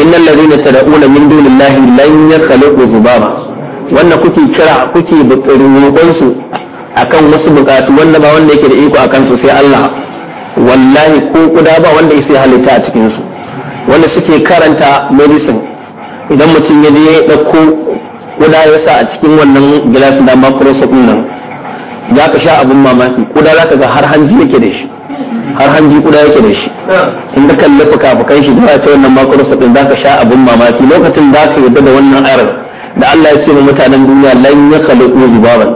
innal ladina tad'una min dunillahi lan yakhluqu zubaba wanda kuke kira kuke roƙon su akan wasu bukatu wanda ba wanda yake da iko akan su sai Allah wallahi ko kuda ba wanda ya halitta a cikin su wanda suke karanta medicine idan mutum ya je ya ɗauko kuda ya sa a cikin wannan gilasin da microsoft nan za ka sha abin mamaki kuda za ka ga har hanji yake da shi har hanji kuda yake da shi in ka kalli fuka-fukan shi da ta wannan microsoft din za ka sha abin mamaki lokacin za ka yarda da wannan arar da Allah ya ce wa mutanen duniya lan ya khaliqu zubaban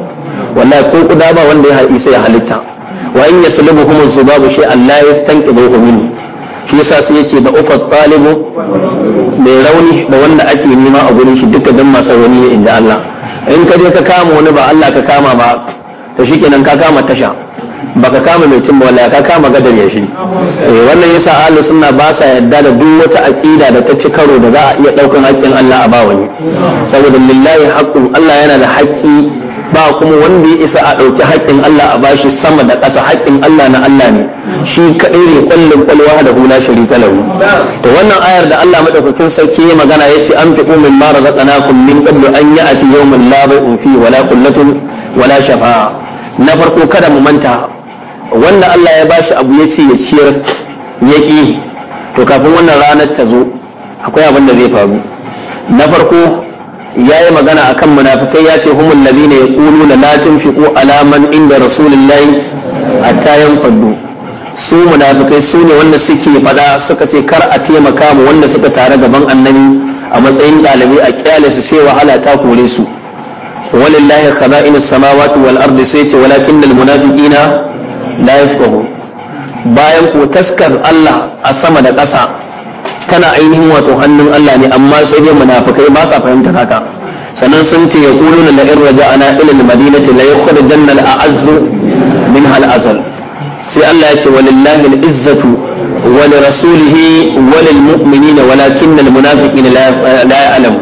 wallahi ko kuda ba wanda ya sai ya halitta wa in yaslubuhum zubabu shay'an la yastanqidhuhu minhu shi yasa sai yake da ufat talibu mai rauni da wanda ake nema a gurin shi duka dan masu rauni ne inda Allah in ka je ka kama wani ba Allah ka kama ba to shikenan ka kama tasha baka kama mai cin wallahi ka kama gadar ya shi eh, wannan yasa ahli sunna ba sa yadda da duk wata aqida da ta ci karo da za a iya daukan haƙƙin Allah a ba wani saboda lillahi haqqu Allah yana da haƙƙi ba kuma wanda ya isa a ɗauki haƙƙin Allah a bashi sama da ƙasa haƙƙin Allah na Allah ne shi kaɗai ne kullum kulwa da hula sharika lahu to wannan ayar da Allah madaukakin sarki ya magana yace an fi min ma razaqnakum min qablu an ya'ti yawmun la bay'un fi wala qullatun wala shafa'a na farko kada mu manta wanda Allah ya bashi abu yace ya ciyar yaki to kafin wannan ranar ta zo akwai abin da zai faru na farko yayi magana akan munafikai ya ce humul ladina yaquluna la tunfiqu ala man inda rasulillahi hatta yanfaddu su munafikai su ne wanda suke faɗa suka ce kar a taimaka mu wanda suka tare gaban annabi a matsayin ɗalibai a kyale su sai wahala ta kore su walillahi khaza'in as-samawati wal ardi sai ce walakin munafiqina la yafqahu bayan ko taskar Allah a sama da ƙasa Kana ainihin wato hannun Allah ne amma sai dai munafikai ba sa fahimtar haka sannan sun ce yaquluna la in raja'ana ila al-madinati la yukhrijanna al-a'azz min al-azal sai Allah ya ce walillahi al-izzatu wa li rasulihi wa lil mu'minina walakinna al-munafiqina la ya'lamu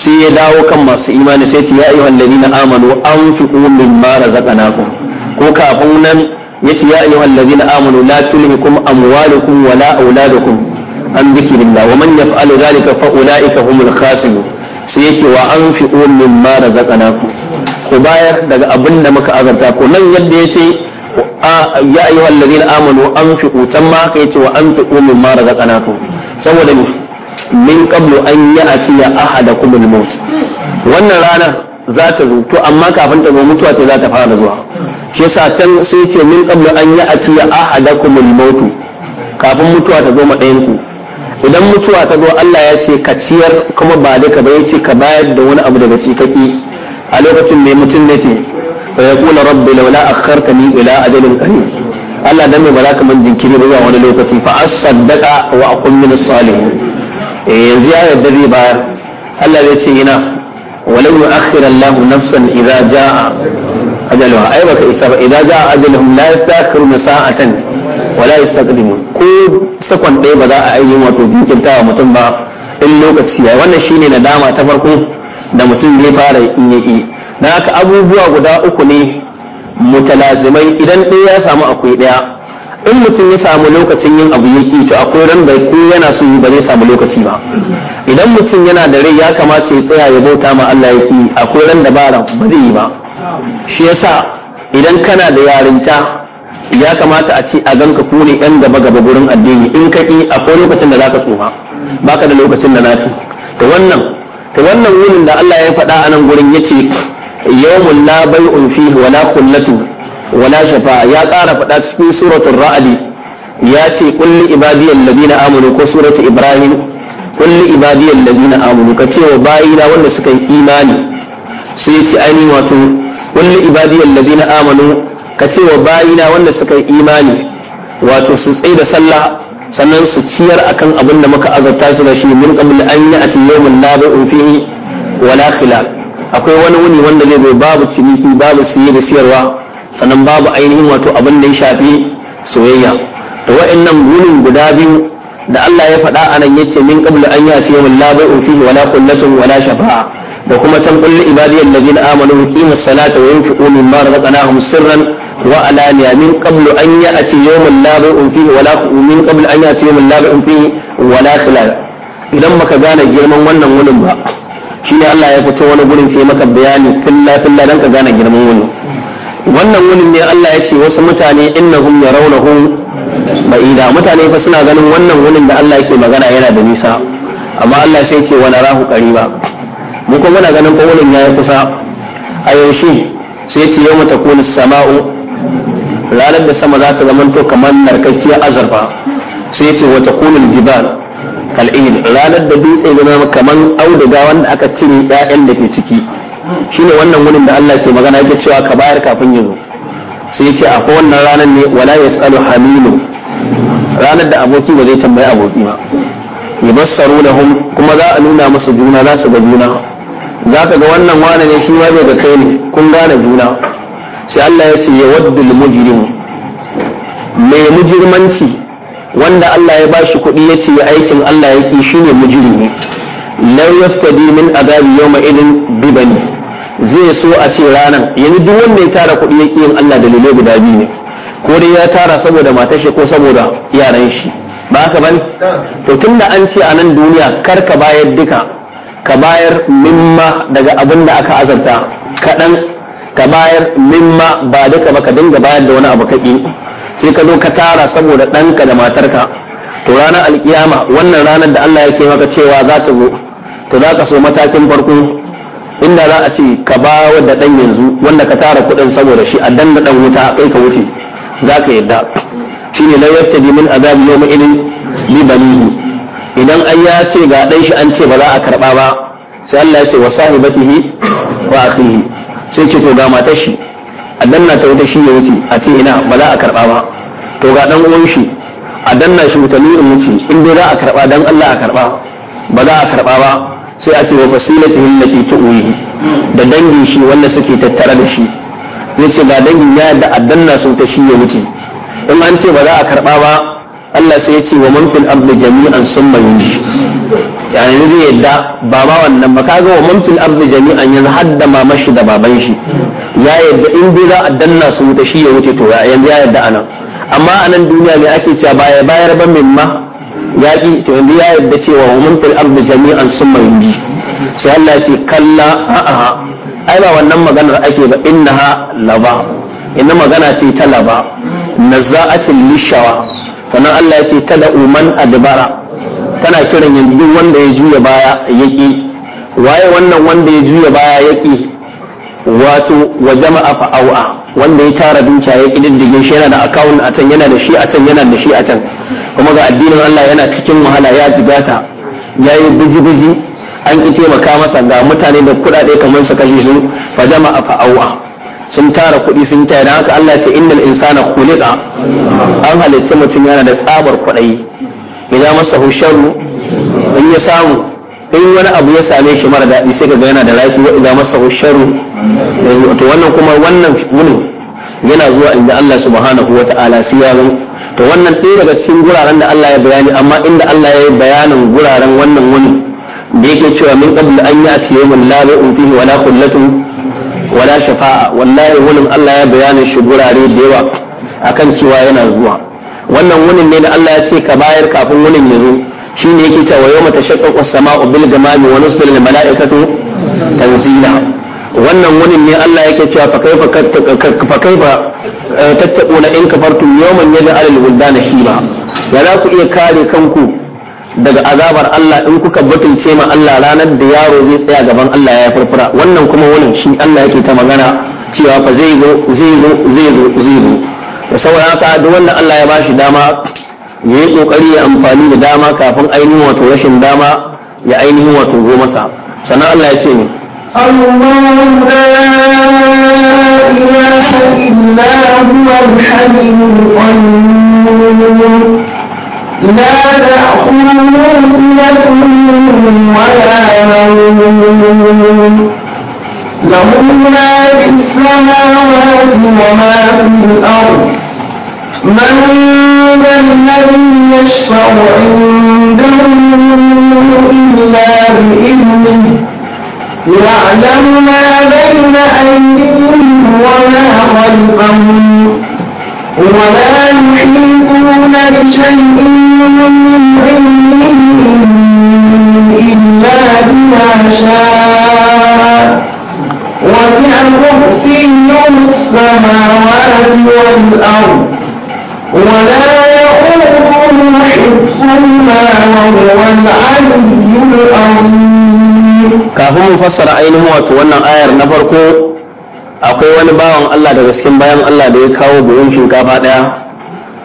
sai ya dawo kan masu imani sai ce ya ayyuhal ladina amanu anfiqu mimma razaqnakum ko kafin nan yace ya ayyuhal ladina amanu la tulhikum amwalukum wala auladukum an zikirillah wa man yaf'alu zalika fa ulaika humul khasirun sai yake wa anfiqu mimma razaqnakum ku bayar daga abin da muka azarta ku nan yadda yace ya ayyuhal ladina amanu anfiqu tamma kai yace wa anfiqu mimma razaqnakum saboda ni, min qablu an ya'tiya ahadakum al-maut wannan ranar za ta zo to amma kafin ta zo mutuwa ce za ta fara zuwa shi yasa can sai ce min qablu an ya'tiya ahadakum al-maut kafin mutuwa ta zo ma ɗayan ku idan mutuwa ta zo Allah ya ce ka ciyar kuma ba duka ba yace ka bayar da wani abu daga cikaki a lokacin mai mutum ne ce fa yaqulu rabbi laula ni ila ajalin qarib Allah dan me baraka man jinkiri ba zuwa wani lokaci fa asaddaqa wa aqum min salihin E, eh, yanzu ya yarda zai bayar Allah zai ce ina walau yu'akhkhir Allah nafsan idza jaa ajaluha ai baka isa ba idza jaa ajaluhum la yastakhiruna sa'atan wala yastaqdimu ko sakon ɗaya ba za a ainihin wato jinkirta wa mutum ba in lokaci ya wannan shine nadama ta farko da mutum zai fara in yi dan haka abubuwa guda uku ne mutalazimai idan ɗaya ya samu akwai ɗaya in mutum ya samu lokacin yin abu yake to akwai ran bai ko yana so yi ba zai samu lokaci ba idan mutum yana da rai ya kamata ya tsaya ya bauta ma Allah yaki akwai ran da ba ba zai yi ba shi yasa idan kana da yarinta ya kamata a ce a ganka ku ne yan gaba gaba gurin addini in ka ki akwai lokacin da zaka tsoma baka da lokacin da nafi to wannan to wannan wurin da Allah ya faɗa a nan gurin yace yawmul la bai'un fihi wala qullatu wala shafa'a ya ƙara faɗa cikin suratul ra'd ya ce qul li ibadiyal ladina amanu ko suratul ibrahim qul li ibadiyal ladina amanu ka ce wa bayina wanda suka yi imani sai ya ce ainihin wato qul li ibadiyal ladina amanu ka ce wa bayina wanda suka yi imani wato su tsaye da sallah sannan su ciyar akan abin da muka azabta su da shi mun an yi yawmun la bai'un fihi wala khilal akwai wani wuni wanda zai zo babu ciniki babu siye da siyarwa sannan babu ainihin wato abin da ya shafi soyayya to wa'annan wunin guda biyu da Allah ya faɗa anan yace min qabl an ya'ti yawmun la bai'un fi wala khullatun wala shafa'a da kuma tan kulli ibadiyal ladina amanu yuqimus salata wa yunfiqu mimma razaqnahum sirran وعلانية من قبل أن يأتي يوم لا بيع فيه ولا من قبل أن يأتي idan baka gane girman wannan wurin ba shine Allah ya fito wani gurin sai maka bayani filla filla dan ka gane girman wurin wannan wurin ne Allah ya ce wasu mutane innahum yarawnahu ba'ida mutane fa suna ganin wannan wunin da Allah yake magana yana da nisa amma Allah sai ce wani rahu qariba mu kuma muna ganin fa wurin yayi kusa a yaushe sai ce yawma takunu sama'u ranar da sama za ta zama to kamar narkakkiyar azurfa sai ce wata kunin jibar kal'in ranar da dutse zama kamar auduga wanda aka cire 'ya'yan da ke ciki shine wannan gudun da Allah ke magana yake cewa ka bayar kafin ya zo sai ce akwai wannan ranar ne wala yasalu hamilu ranar da aboki ba zai tambayi aboki ba da lahum kuma za a nuna musu juna za su ga juna za ka ga wannan wane ne shi ma zai ga kai ne kun gane juna sai Allah ya ce yawaddul mujrimu mai mujirmanci wanda Allah ya bashi kuɗi ya ce ya aikin Allah ya ki shine mujrimi lau yaftadi min azabi yawma idin bibani zai so a ce ranar. yanzu duk wanda ya tara kuɗi ya ki yin Allah dalilai guda biyu ne ko dai ya tara saboda matar shi ko saboda yaran shi ba ka bani to tunda an ce a nan duniya kar ka bayar duka ka bayar mimma daga abin da aka azarta kaɗan ka bayar mimma ba duka ba ka dinga bayar da wani abu kaɗi sai ka zo ka tara saboda ɗanka da matarka to ranar alkiyama wannan ranar da Allah ya yake maka cewa za ta zo to za ka so matakin farko inda za a ce ka ba da ɗan yanzu wanda ka tara kuɗin saboda shi a danda ɗan wuta kai ka wuce za ka yadda ne la yaftadi min azab yau idin li banihi idan an ya ce ga ɗan shi an ce ba za a karɓa ba sai Allah ya ce wa sahibatihi wa akhihi sai ce to ga matar shi a danna ta wuta shi ya wuce a ce ina ba za a karba ba to ga dan uwan shi a danna shi wuta in wuce in dai za a karba dan Allah a karba ba za a karba ba sai a ce wa fasilatihi lati tuwihi da dangi shi wanda suke tattara da shi zai ce ga dangi ya da a danna su wuta shi ya wuce in an ce ba za a karba ba Allah sai ya ce wa man abu ardi jami'an summa yunji yayin zai yadda ba ma wannan ba kaga wa man abu ardi jami'an yanzu hadda ma shi da baban shi ya yadda in dai za a danna su wuta shi ya wuce to yanzu ya yadda anan amma anan duniya ne ake cewa baya bayar ba mimma ya ki to yanzu ya yadda cewa wa man abu ardi jami'an summa yunji sai Allah ya ce kalla a ai ba wannan maganar ake ba innaha laba inna magana ce ta laba nazza'atil lishawa sannan Allah ya ce kada uman adbara tana kiran yanzu duk wanda ya juya baya yaki waye wannan wanda ya juya baya yaki wato wa jama'a fa au'a wanda ya tara dukiya ya kididdige shi yana da account a can yana da shi a can yana da shi a can kuma ga addinin Allah yana cikin wahala ya jigata ya yi biji-biji an ki taimaka masa ga mutane da kuɗaɗe kamar su kashe su fa jama'a fa au'a sun tara kuɗi sun taya da haka Allah ce innal insana khuliqa an halitta mutum yana da tsabar kuɗi idza masahu sharru in ya samu in wani abu ya same shi mara daɗi sai ga yana da lafi wa idza masahu sharru to wannan kuma wannan wurin yana zuwa inda Allah subhanahu wata'ala sai ya to wannan ɗaya daga cikin guraren da Allah ya bayani amma inda Allah ya yi bayanin guraren wannan wani da yake cewa min qabl an ya'ti yawmin la bai'un fihi wa la qullatun wala shafa'a wallahi wani Allah ya bayanin shi gurare da yawa akan cewa yana zuwa wannan wani ne da Allah ya ce ka bayar kafin wani ya zo shine yake cewa yawma mata as-sama'u bil ghamami wa nusilu mala'ikatu tanzila wannan wani ne Allah yake cewa fa kai fa kaifa eh, tattaquna in kafartum yawman yaj'al al-wuldana hiba ya za ku iya kare kanku daga azabar Allah in kuka batunce ma Allah ranar da yaro zai tsaya gaban Allah ya furfura wannan kuma wannan shi Allah yake ta magana cewa fa zai zo zai zo zai zo zai zo da saboda haka duk wanda Allah ya bashi dama ya yi kokari ya amfani da dama kafin ainihin wato rashin dama ya ainihin wato zo masa sannan Allah ya ce ne الله لا إله إلا هو الحي القيوم لا تأخذه لكم ولا نوم لهم ما في السماوات وما في الأرض من ذا الذي يشفع عنده إلا بإذنه يعلم ما بين أيديهم وما خلفهم ولا يحيطون بشيء من علمه إلا بما شاء وسع كرسيه السماوات والأرض ولا يقوم حفظهما وهو العلي العظيم كهو فسر عينه وتولى آير نفركو akwai wani bawan Allah daga cikin bayan Allah da ya kawo buhun shinkafa ɗaya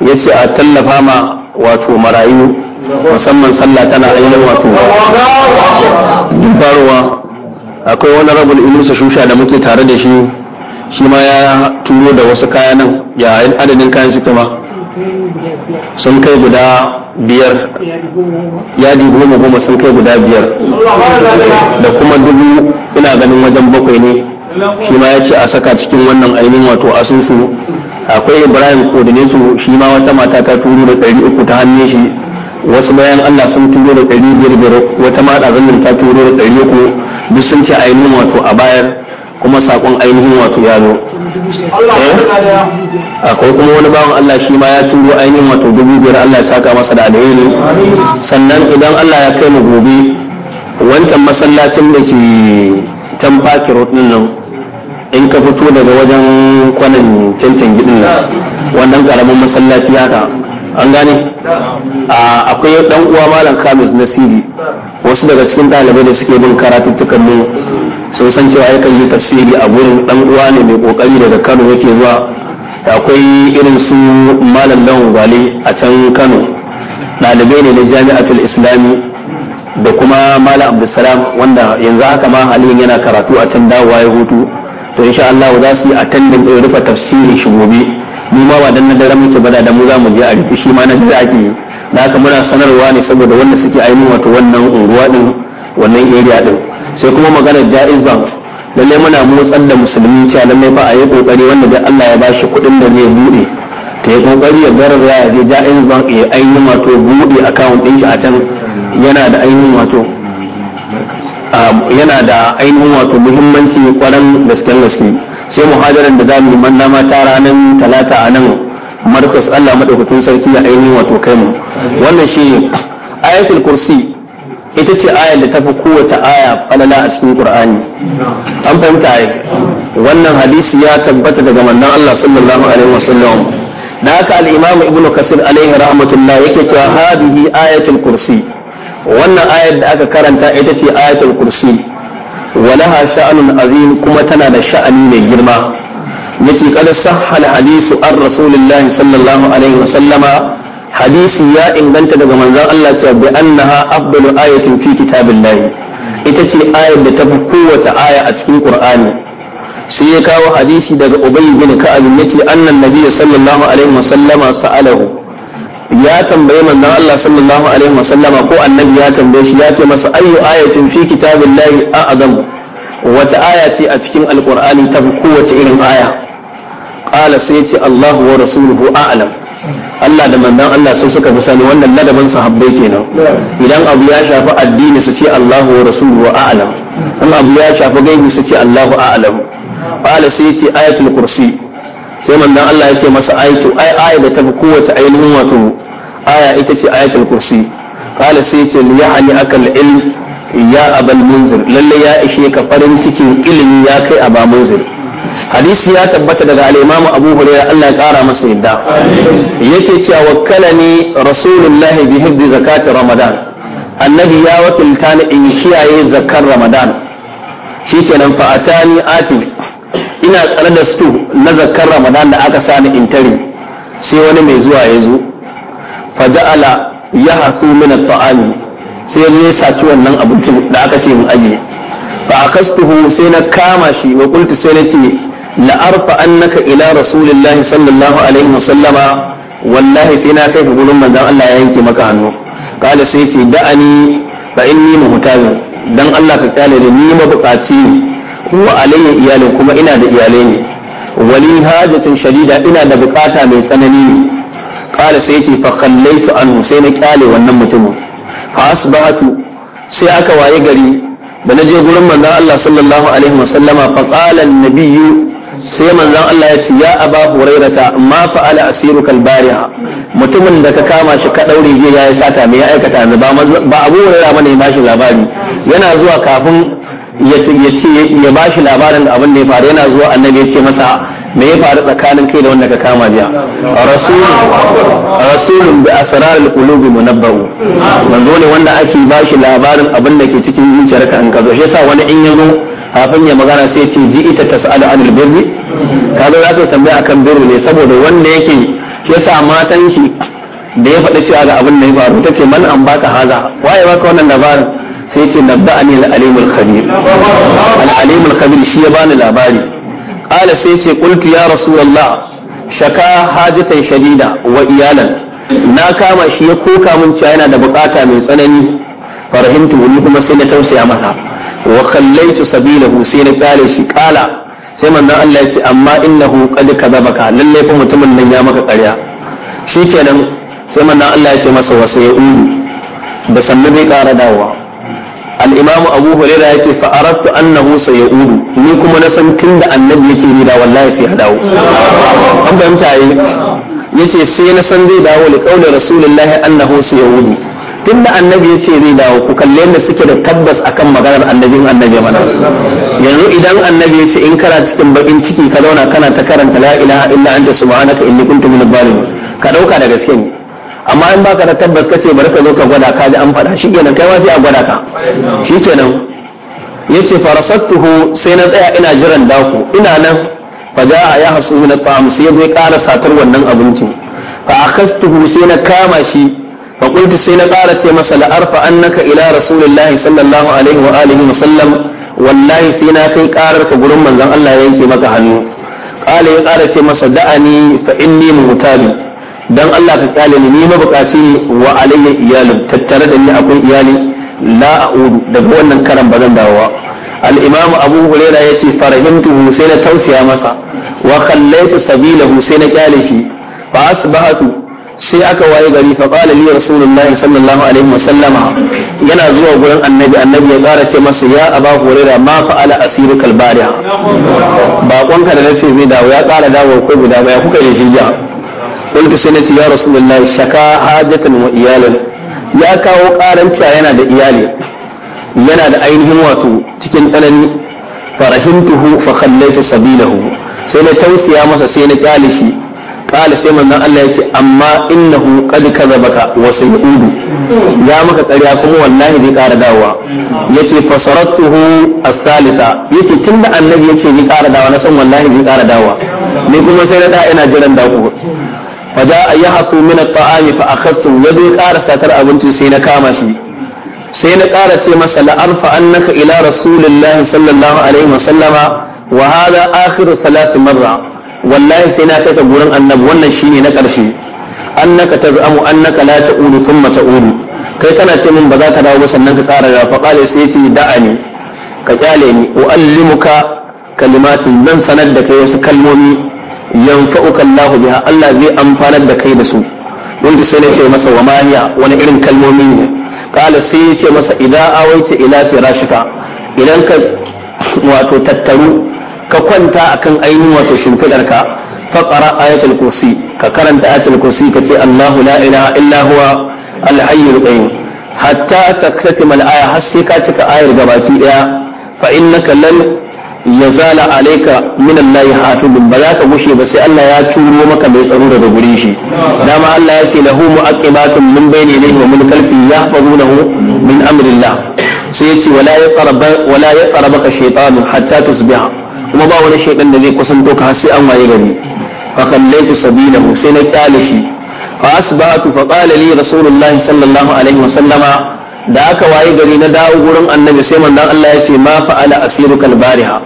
ya ce a tallafa ma wato marayu musamman sallah tana ainihin wato dubarwa akwai wani rabin inusa shusha da muke tare da shi shi ma ya turo da wasu kaya nan yayin adadin kayan suka ma sun kai guda biyar yadi goma goma sun kai guda biyar da kuma dubu ina ganin wajen bakwai ne shi ma ya ce a saka cikin wannan ainihin wato asusu akwai ibrahim kodinesu shi ma wata mata ta turo da ɗari uku ta hannu shi wasu bayan allah sun turo da ɗari biyar biyar wata ma ɗazannin ta turo da ɗari uku duk sun ce ainihin wato a bayar kuma saƙon ainihin wato ya zo eh? akwai kuma wani bawan Allah shi ma ya turo ainihin wato dubu biyar Allah ya saka masa da alheri sannan idan Allah ya kai mu gobe wancan masallacin da ke tamfaki din nan in ka fito daga wajen kwanan cancan gidin nan wannan karamin masallaci haka an gane akwai dan uwa malam kamis na siri wasu daga cikin ɗalibai da suke bin karatuttukan mu sun san cewa yakan yi tafsiri a gurin dan uwa ne mai kokari daga kano yake zuwa akwai irin su malam lawan gwale a can kano ɗalibai ne na jami'atul islami da kuma malam abdulsalam wanda yanzu haka ma halin yana karatu a can dawowa ya hutu to insha Allah za su yi attendin ɗin rufe tafsiri shi gobe mu ma ba dan na daren muke bada da mu za mu je a rufe shi ma na dare ake yi da haka muna sanarwa ne saboda wanda suke ainihin wato wannan unguwa din wannan area din sai kuma magana jaiz bank lallai muna motsar da musulmi cewa lallai fa a yi kokari wanda dai Allah ya bashi kuɗin da zai buɗe ta yi kokari ya garza ya je jaiz bank ya ainihin wato buɗe account ɗin shi a can yana da ainihin wato yana da ainihin wato muhimmanci kwaran gasken gaske sai muhajaran da za mu yi dama ta ranar talata a nan markus allah maɗaukakin sarki a ainihin wato kai mu wannan shi ayatul kursi ita ce ayar da tafi kowace aya falala a cikin qur'ani an fahimta ai wannan hadisi ya tabbata daga manzon Allah sallallahu alaihi wasallam da haka al-imam ibnu kasir alaihi rahmatullah yake cewa hadihi ayatul kursi wannan ayar da aka karanta ita ce ayatul kursi walaha sha'anun azim kuma tana da sha'ani mai girma yace qad sahhal hadisu an rasulillahi sallallahu alaihi wa sallama hadisi ya inganta daga manzon Allah cewa bi annaha afdalu ayatin fi kitabillahi ita ce ayar da ta fi kowace aya a cikin qur'ani sai ya kawo hadisi daga ubay bin ka'ab yace annan nabiyyu sallallahu alaihi wa sallama sa'alahu ya tambayi manzon Allah sallallahu alaihi wasallama ko annabi ya tambaye shi ya ce masa ayyu ayatin fi kitabillahi a'zam wata aya ce a cikin alqur'ani ta fi kowace irin aya qala sai ce Allahu wa rasuluhu a'lam Allah da manzon Allah sun suka fi sani wannan ladaban sahabbai kenan idan abu ya shafi addini su ce Allahu wa rasuluhu a'lam in abu ya shafi gaibi su ce Allahu a'lam qala sai ce ayatul kursi sai manzon Allah ya ce masa aitu. ai aya da tafi kowace ainihin wato aya ita ce ayatul kursi qala sai ce li hali aka ilm ya abal munzir lalle ya ishe ka farin cikin ilimi ya kai aba munzir hadisi ya tabbata daga al-imam Abu Hurairah Allah ya kara masa yadda yake cewa ne rasulullahi bi hifzi zakati ramadan annabi ya wakilta ni in kiyaye zakar ramadan shikenan fa atani atin ina tsare da su na zakar ramadan da aka sani intari sai wani mai zuwa ya zo faja'ala ya hasu min taami sai zai saci wannan abincin da aka ce mun aje fa akastuhu sai na kama shi wa qultu sai nace la arfa annaka ila rasulillahi sallallahu alaihi wasallama wallahi sai na kai ka gurin manzon Allah ya yanke maka hannu kala sai ce da'ani fa inni muhtajin dan Allah ka kale da ni mabukaci ne wa alayya iyalin kuma ina da iyalai ne wali hajatun shadida ina da bukata mai tsanani ne qala sai yace fa khallaitu anhu sai na kyale wannan mutumin fa asbahatu sai aka waye gari da je gurin manzon Allah sallallahu alaihi wasallama fa qala an-nabiyyu sai manzon Allah ya ce ya aba hurairata ma fa'ala asiruka al-bariha mutumin da ka kama shi ka daure je ya sata me ya aikata ba ba abu hurairata bane ba shi labari yana zuwa kafin ya ba shi labarin da abin da ya faru yana zuwa annabi ya ce masa me ya faru tsakanin kai da wanda ka kama jiya rasulun bi asrar al-qulubi munabbahu manzo ne wanda ake ba shi labarin abin da ke cikin zuciyar ka an kazo shi yasa wani in ya zo kafin ya magana sai ce ji ita ta tas'alu anil birri ka zo zaka tambaya akan birri ne saboda wanda yake yasa sa matanki da ya faɗi cewa ga abin da ya faru tace man an baka haza waye baka wannan labarin sai ce na ani al-alimul khabir al khabir shi ya bani labari ƙala sai ce qultu ya rasulullah shaka hajatan shadida wa iyalan na kama shi ya koka min cewa yana da bukata mai tsanani farahimtu wani kuma sai na tausaya masa wa khallaitu sabilahu sai na kyale shi ƙala sai manzon Allah ya ce amma innahu qad kadabaka lalle fa mutumin nan ya maka ƙarya shikenan sai manzon Allah ya ce masa wasa ya da sannu bai ƙara dawowa al-imam abu hurairah yace fa aradtu annahu sayaudu ni kuma na san tunda annabi yake ni da wallahi sai ya dawo an fahimta yi yace sai na san zai dawo li qawli rasulullahi annahu sayaudu tunda annabi yace zai dawo ku kalle ne suke da tabbas akan maganar annabin annabi mana yanzu idan annabi yace in kana cikin bakin ciki ka zauna kana ta karanta la ilaha illa anta subhanaka inni kuntu minadh-dhalimin ka dauka da gaske ne amma in baka da tabbas kace bari ka zo ka gwada ka ji an faɗa shikenan kai ma sai a gwada ka shikenan yace farasattuhu sai na tsaya ina jiran daku ina nan faja'a ya hasu min ta'am sai zai ƙara satar wannan abincin fa akhastuhu sai na kama shi fa qultu sai na ƙara sai masa la'arfa annaka ila rasulillahi sallallahu alaihi wa alihi wa sallam wallahi sai na kai ƙarar ka gurin manzon Allah ya yanke maka hannu qala ya ƙara sai masa da'ani fa inni mutabi dan Allah ka kyale ni ni mabukaci ne wa alayya iyalin tattare da ni akwai iyali la a'udu daga wannan karan ba zan dawowa al-imam abu ya yace farahimtu sai na tausaya masa wa khallaitu sabilahu sai na kyale shi fa asbahatu sai aka waye gari fa qala li rasulullahi sallallahu alaihi sallama, yana zuwa gurin annabi annabi ya ƙara ce masa ya aba huraira ma fa'ala asirukal bariha baƙonka da nace zai dawo ya ƙara dawo ko guda ba kuka yi jiya ɗanki sai na ce ya rasulullah shaka hajatan wa iyalin ya kawo karanta yana da iyali yana da ainihin wato cikin tsanani farahimtuhu fa khallaitu sabilahu sai na tausaya masa sai na kyale shi kala sai manzon Allah ya ce amma innahu qad kadhabaka wa sayudu ya maka ƙarya kuma wallahi zai ƙara dawowa yace fasaratuhu a salisa yace tunda annabi yace zai kara dawa na san wallahi zai ƙara dawowa ni kuma sai na da ina jiran dawo waja a yi hafu min ta'ami fa akhadtum ya zo ƙara satar abinci sai na kama shi sai na ƙara ce masa la'arfa annaka ila rasulullahi sallallahu alaihi wa sallama wa hada akhiru salati marra wallahi sai na kai gurin annabi wannan shine na ƙarshe annaka an naka la ta'udu thumma ta'udu kai kana ce min ba za ka dawo ba sannan ka ƙara da fa qala sai ce da'ani ka ƙyale ni uallimuka kalimatin zan sanar da kai wasu kalmomi yanfa'uka Allah biha Allah zai amfanar da kai da su wanda sai ne ce masa wa maniya wani irin kalmomi ne kala sai ya ce masa idan awaita ila firashika idan ka wato tattaru ka kwanta akan ainihin wato shimfidarka faqara ayatul kursi ka karanta ayatul kursi ka ce Allahu la ilaha illa huwa al-hayyul qayyum hatta taktatima al-aya har sai ka cika ayar gabaki daya fa innaka lan ya zala alaika min Allah hafizun ba za ka gushe ba sai Allah ya turo maka mai tsaro daga gurin shi dama Allah ya ce lahu mu'aqibatun min bayni yadayhi wa min khalfihi yahfazunahu min amrillah sai ya ce wala yaqrabu wala yaqrabuka shaytanu hatta tusbiha kuma ba wani shaytan da zai kusanto ka har sai an waye gari fa kallaitu sabilahu sai na kyale shi fa asbatu fa qala li rasulullahi sallallahu alaihi wa sallama da aka waye gari na dawo gurin annabi sai manzon Allah ya ce ma fa'ala kal bariha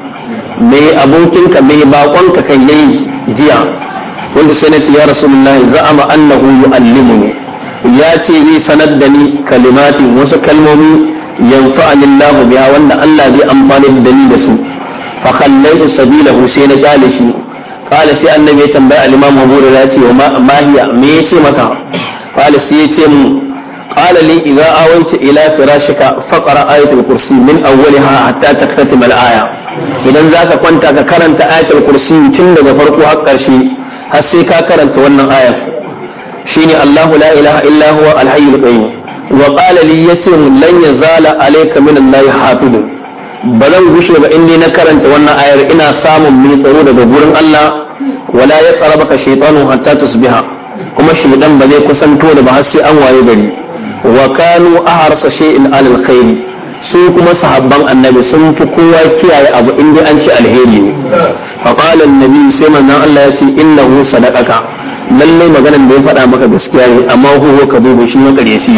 me abokinka me bakonka kan yayi jiya wanda sai nace ya rasulullahi za'ama annahu yu'allimuni ya ce zai sanar da ni kalimati wasu kalmomi yanfa'ani Allah biya wanda Allah zai amfani da ni da su fa khallaitu sabilahu sai na kale shi qala sai annabi ya tambaya al-imam Abu Hurairah ya ce ma hiya me yace maka qala sai ya ce mu qala iga idza awaita ila firashika faqra ayatul kursi min awwaliha hatta taktatima al-aya idan zaka kwanta ka karanta ayatul kursi tun daga farko har karshe har sai ka karanta wannan ayar shine Allahu la ilaha illa huwa al-hayyul qayyum wa qala li yatim lan yazala alayka min allahi hafidun ba zan gushe ba in na karanta wannan ayar ina samun mai tsaro daga gurin Allah wala ya tsara baka shaitanu hatta tasbiha kuma shaitan ba zai kusanto da ba har sai an waye gari wa kanu aharsa shay'in alal khairi su kuma sahabban annabi sun fi kowa kiyaye abu in dai an ce alheri ne fa qala annabi sai manzon Allah ya ce innahu sadaqaka lalle maganar da ya faɗa maka gaskiya ne amma huwa kadhubu shi ma kare shi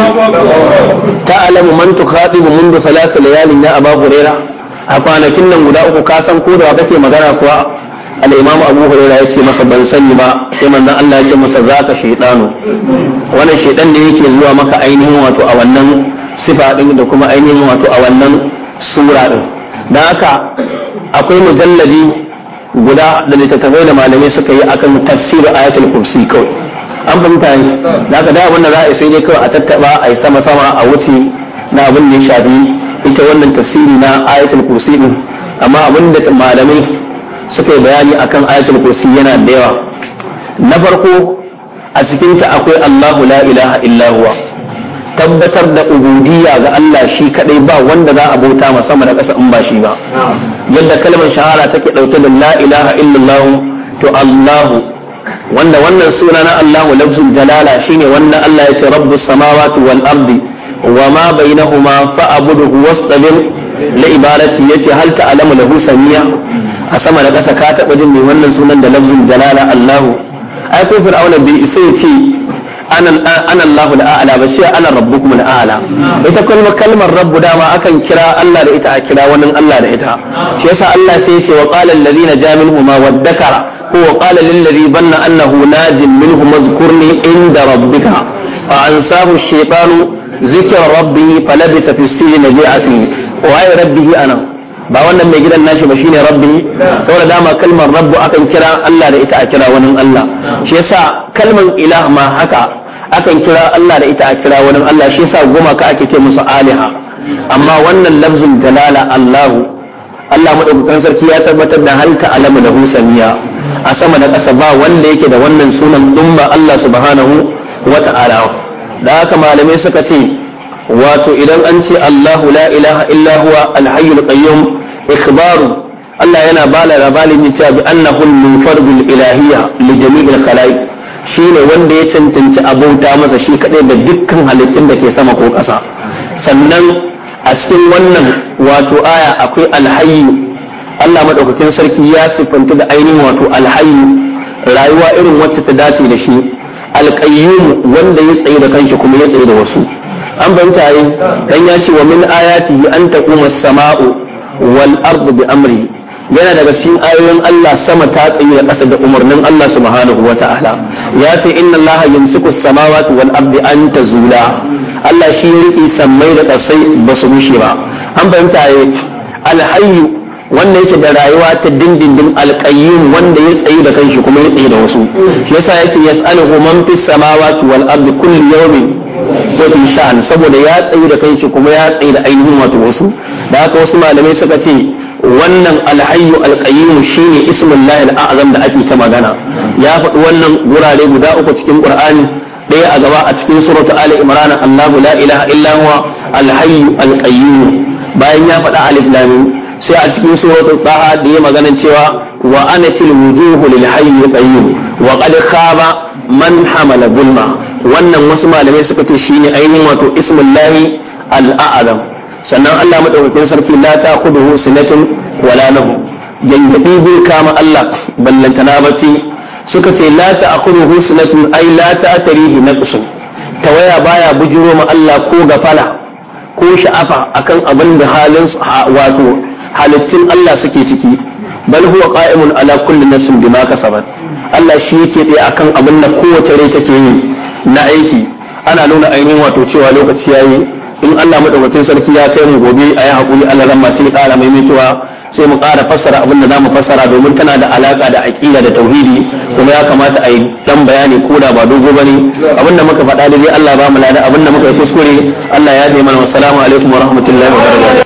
ta'lamu man tukhatibu منذ salasa layalin ya aba hurairah a kwanakin nan guda uku ka san ko da kake magana kuwa al-imam abu hurairah ya ce masa ban sani ba sai manzon Allah ya ce masa zaka shaytanu wannan shaytan ne yake zuwa maka ainihin wato a wannan sifa din da kuma ainihin wato a wannan sura din dan haka akwai mujalladi guda da littattafai da malamai suka yi akan tafsir ayatul kursi kawai an fahimta ne da haka da abin da za a sai kawai a tattaba a yi sama sama a wuce na abin da ya shafi ita wannan tafsiri na ayatul kursi din amma abin da malamai suka yi bayani akan ayatul kursi yana da yawa na farko a cikinta akwai Allahu la ilaha illa huwa tabbatar da ubudiyya ga Allah shi kadai ba wanda za a bauta ma sama da ƙasa in ba shi ba yadda kalmar shahara take dauke da la ilaha illallah to Allahu wanda wannan suna na Allahu lafzul jalala shine wanda Allah ya ce rabbus samawati wal ardi wa ma bainahuma fa'buduhu wastabir li ibadati yace hal ta'lamu lahu samiya a sama da ƙasa ka taɓa jin mai wannan sunan da lafzin jalala Allahu ai ko fir'auna bai isa ya ce ana Allahu da a'ala ba sai ana kuma da a'ala ita kalmar kalmar rabbu dama akan kira Allah da ita a kira wani Allah da ita shi yasa Allah sai ya ce wa qala alladhina jaminhuma wa dakara ko wa qala lil ladhi banna annahu najin minhu mazkurni inda rabbika fa ansahu shaytanu ذكر ربه فلبث في السجن بيعة وعي ربه أنا ba wannan mai gidan nashi ba shine rabbi saboda dama kalmar rabbu akan kira Allah da ita a kira wani Allah shi yasa kalmar ilah ma haka akan kira Allah da ita a kira wani Allah shi yasa gumaka ake ce musu aliha amma wannan lafzin dalala Allahu Allah madaukakan sarki ya tabbatar da halka alamu da husaniya a sama da ƙasa ba wanda yake da wannan sunan dumba Allah subhanahu wa ta'ala da haka malamai suka ce wato idan an ce Allahu la ilaha illa huwa al-hayyul qayyum ikhbaru Allah yana bala labarin ya ce bi annahu al-munfaridul ilahiyya li jami'il khalaiq shine wanda ya cancanci abauta masa shi kadai da dukkan halittun da ke sama ko ƙasa sannan a cikin wannan wato aya akwai alhayyu Allah madaukakin sarki ya sifanta da ainihin wato alhayyu rayuwa irin wacce ta dace da shi alqayyum wanda ya tsaye da kanshi kuma ya tsaye da wasu an fahimta dan ya ce wa min ayatihi an taquma as-sama'u wal ardu bi amri yana daga cikin ayoyin Allah sama ta tsaye da ƙasa da umarnin Allah subhanahu wa ta'ala ya ce inna Allah yumsiku samawati wal ardi an tazula Allah shi ya rike sammai da ƙasai ba su mushe ba an fahimta ya eh, alhayyu wanda yake da rayuwa ta dindindin alqayyim wanda ya tsaye da kanshi kuma ya tsaye da wasu shi yasa yake yas'aluhu man fis samawati wal ardi kullu yawmin ko sha'an saboda ya tsayi da kanshi kuma ya tsayi da ainihin wato wasu da haka wasu malamai suka ce wannan alhayyu alqayyim shine ismullahi al'azam da ake ta magana ya faɗi wannan gurare guda uku cikin qur'ani ɗaya a gaba a cikin suratu ali imran allahu la ilaha illa huwa alhayyu alqayyim bayan ya faɗi alif lam sai a cikin suratul taha da ya magana cewa wa anatil wujuhu lil hayy qayyum wa qad khaba man hamala zulma wannan wasu malamai suka ce shine ainihin wato ismullahi al'azam sannan Allah madaukakin sarki la ta'khudhu sinatun wala nahu yayyabi bai kama Allah ballantana bace suka ce la ta'khudhu sinatun ai la ta'tarihi naqsun tawaya baya bujiro ma Allah ko gafala ko sha'afa akan abin da halin wato halittun Allah suke ciki bal huwa qa'imun ala kulli nafsin bima kasabat Allah shi yake tsaye akan abin da kowace rai take yi na aiki ana nuna ainihin wato cewa lokaci yi in Allah madaukakin sarki ya kai mu gobe a yi hakuri Allah ran masu ƙara maimaitowa sai mu ƙara fassara abin da zamu fassara domin tana da alaka da aƙida da tauhidi kuma ya kamata a yi dan bayani ko da ba dogo bane abin da muka faɗa dai Allah ba mu lada abin da muka yi kuskure Allah ya ji mana wassalamu alaikum wa rahmatullahi wa barakatuh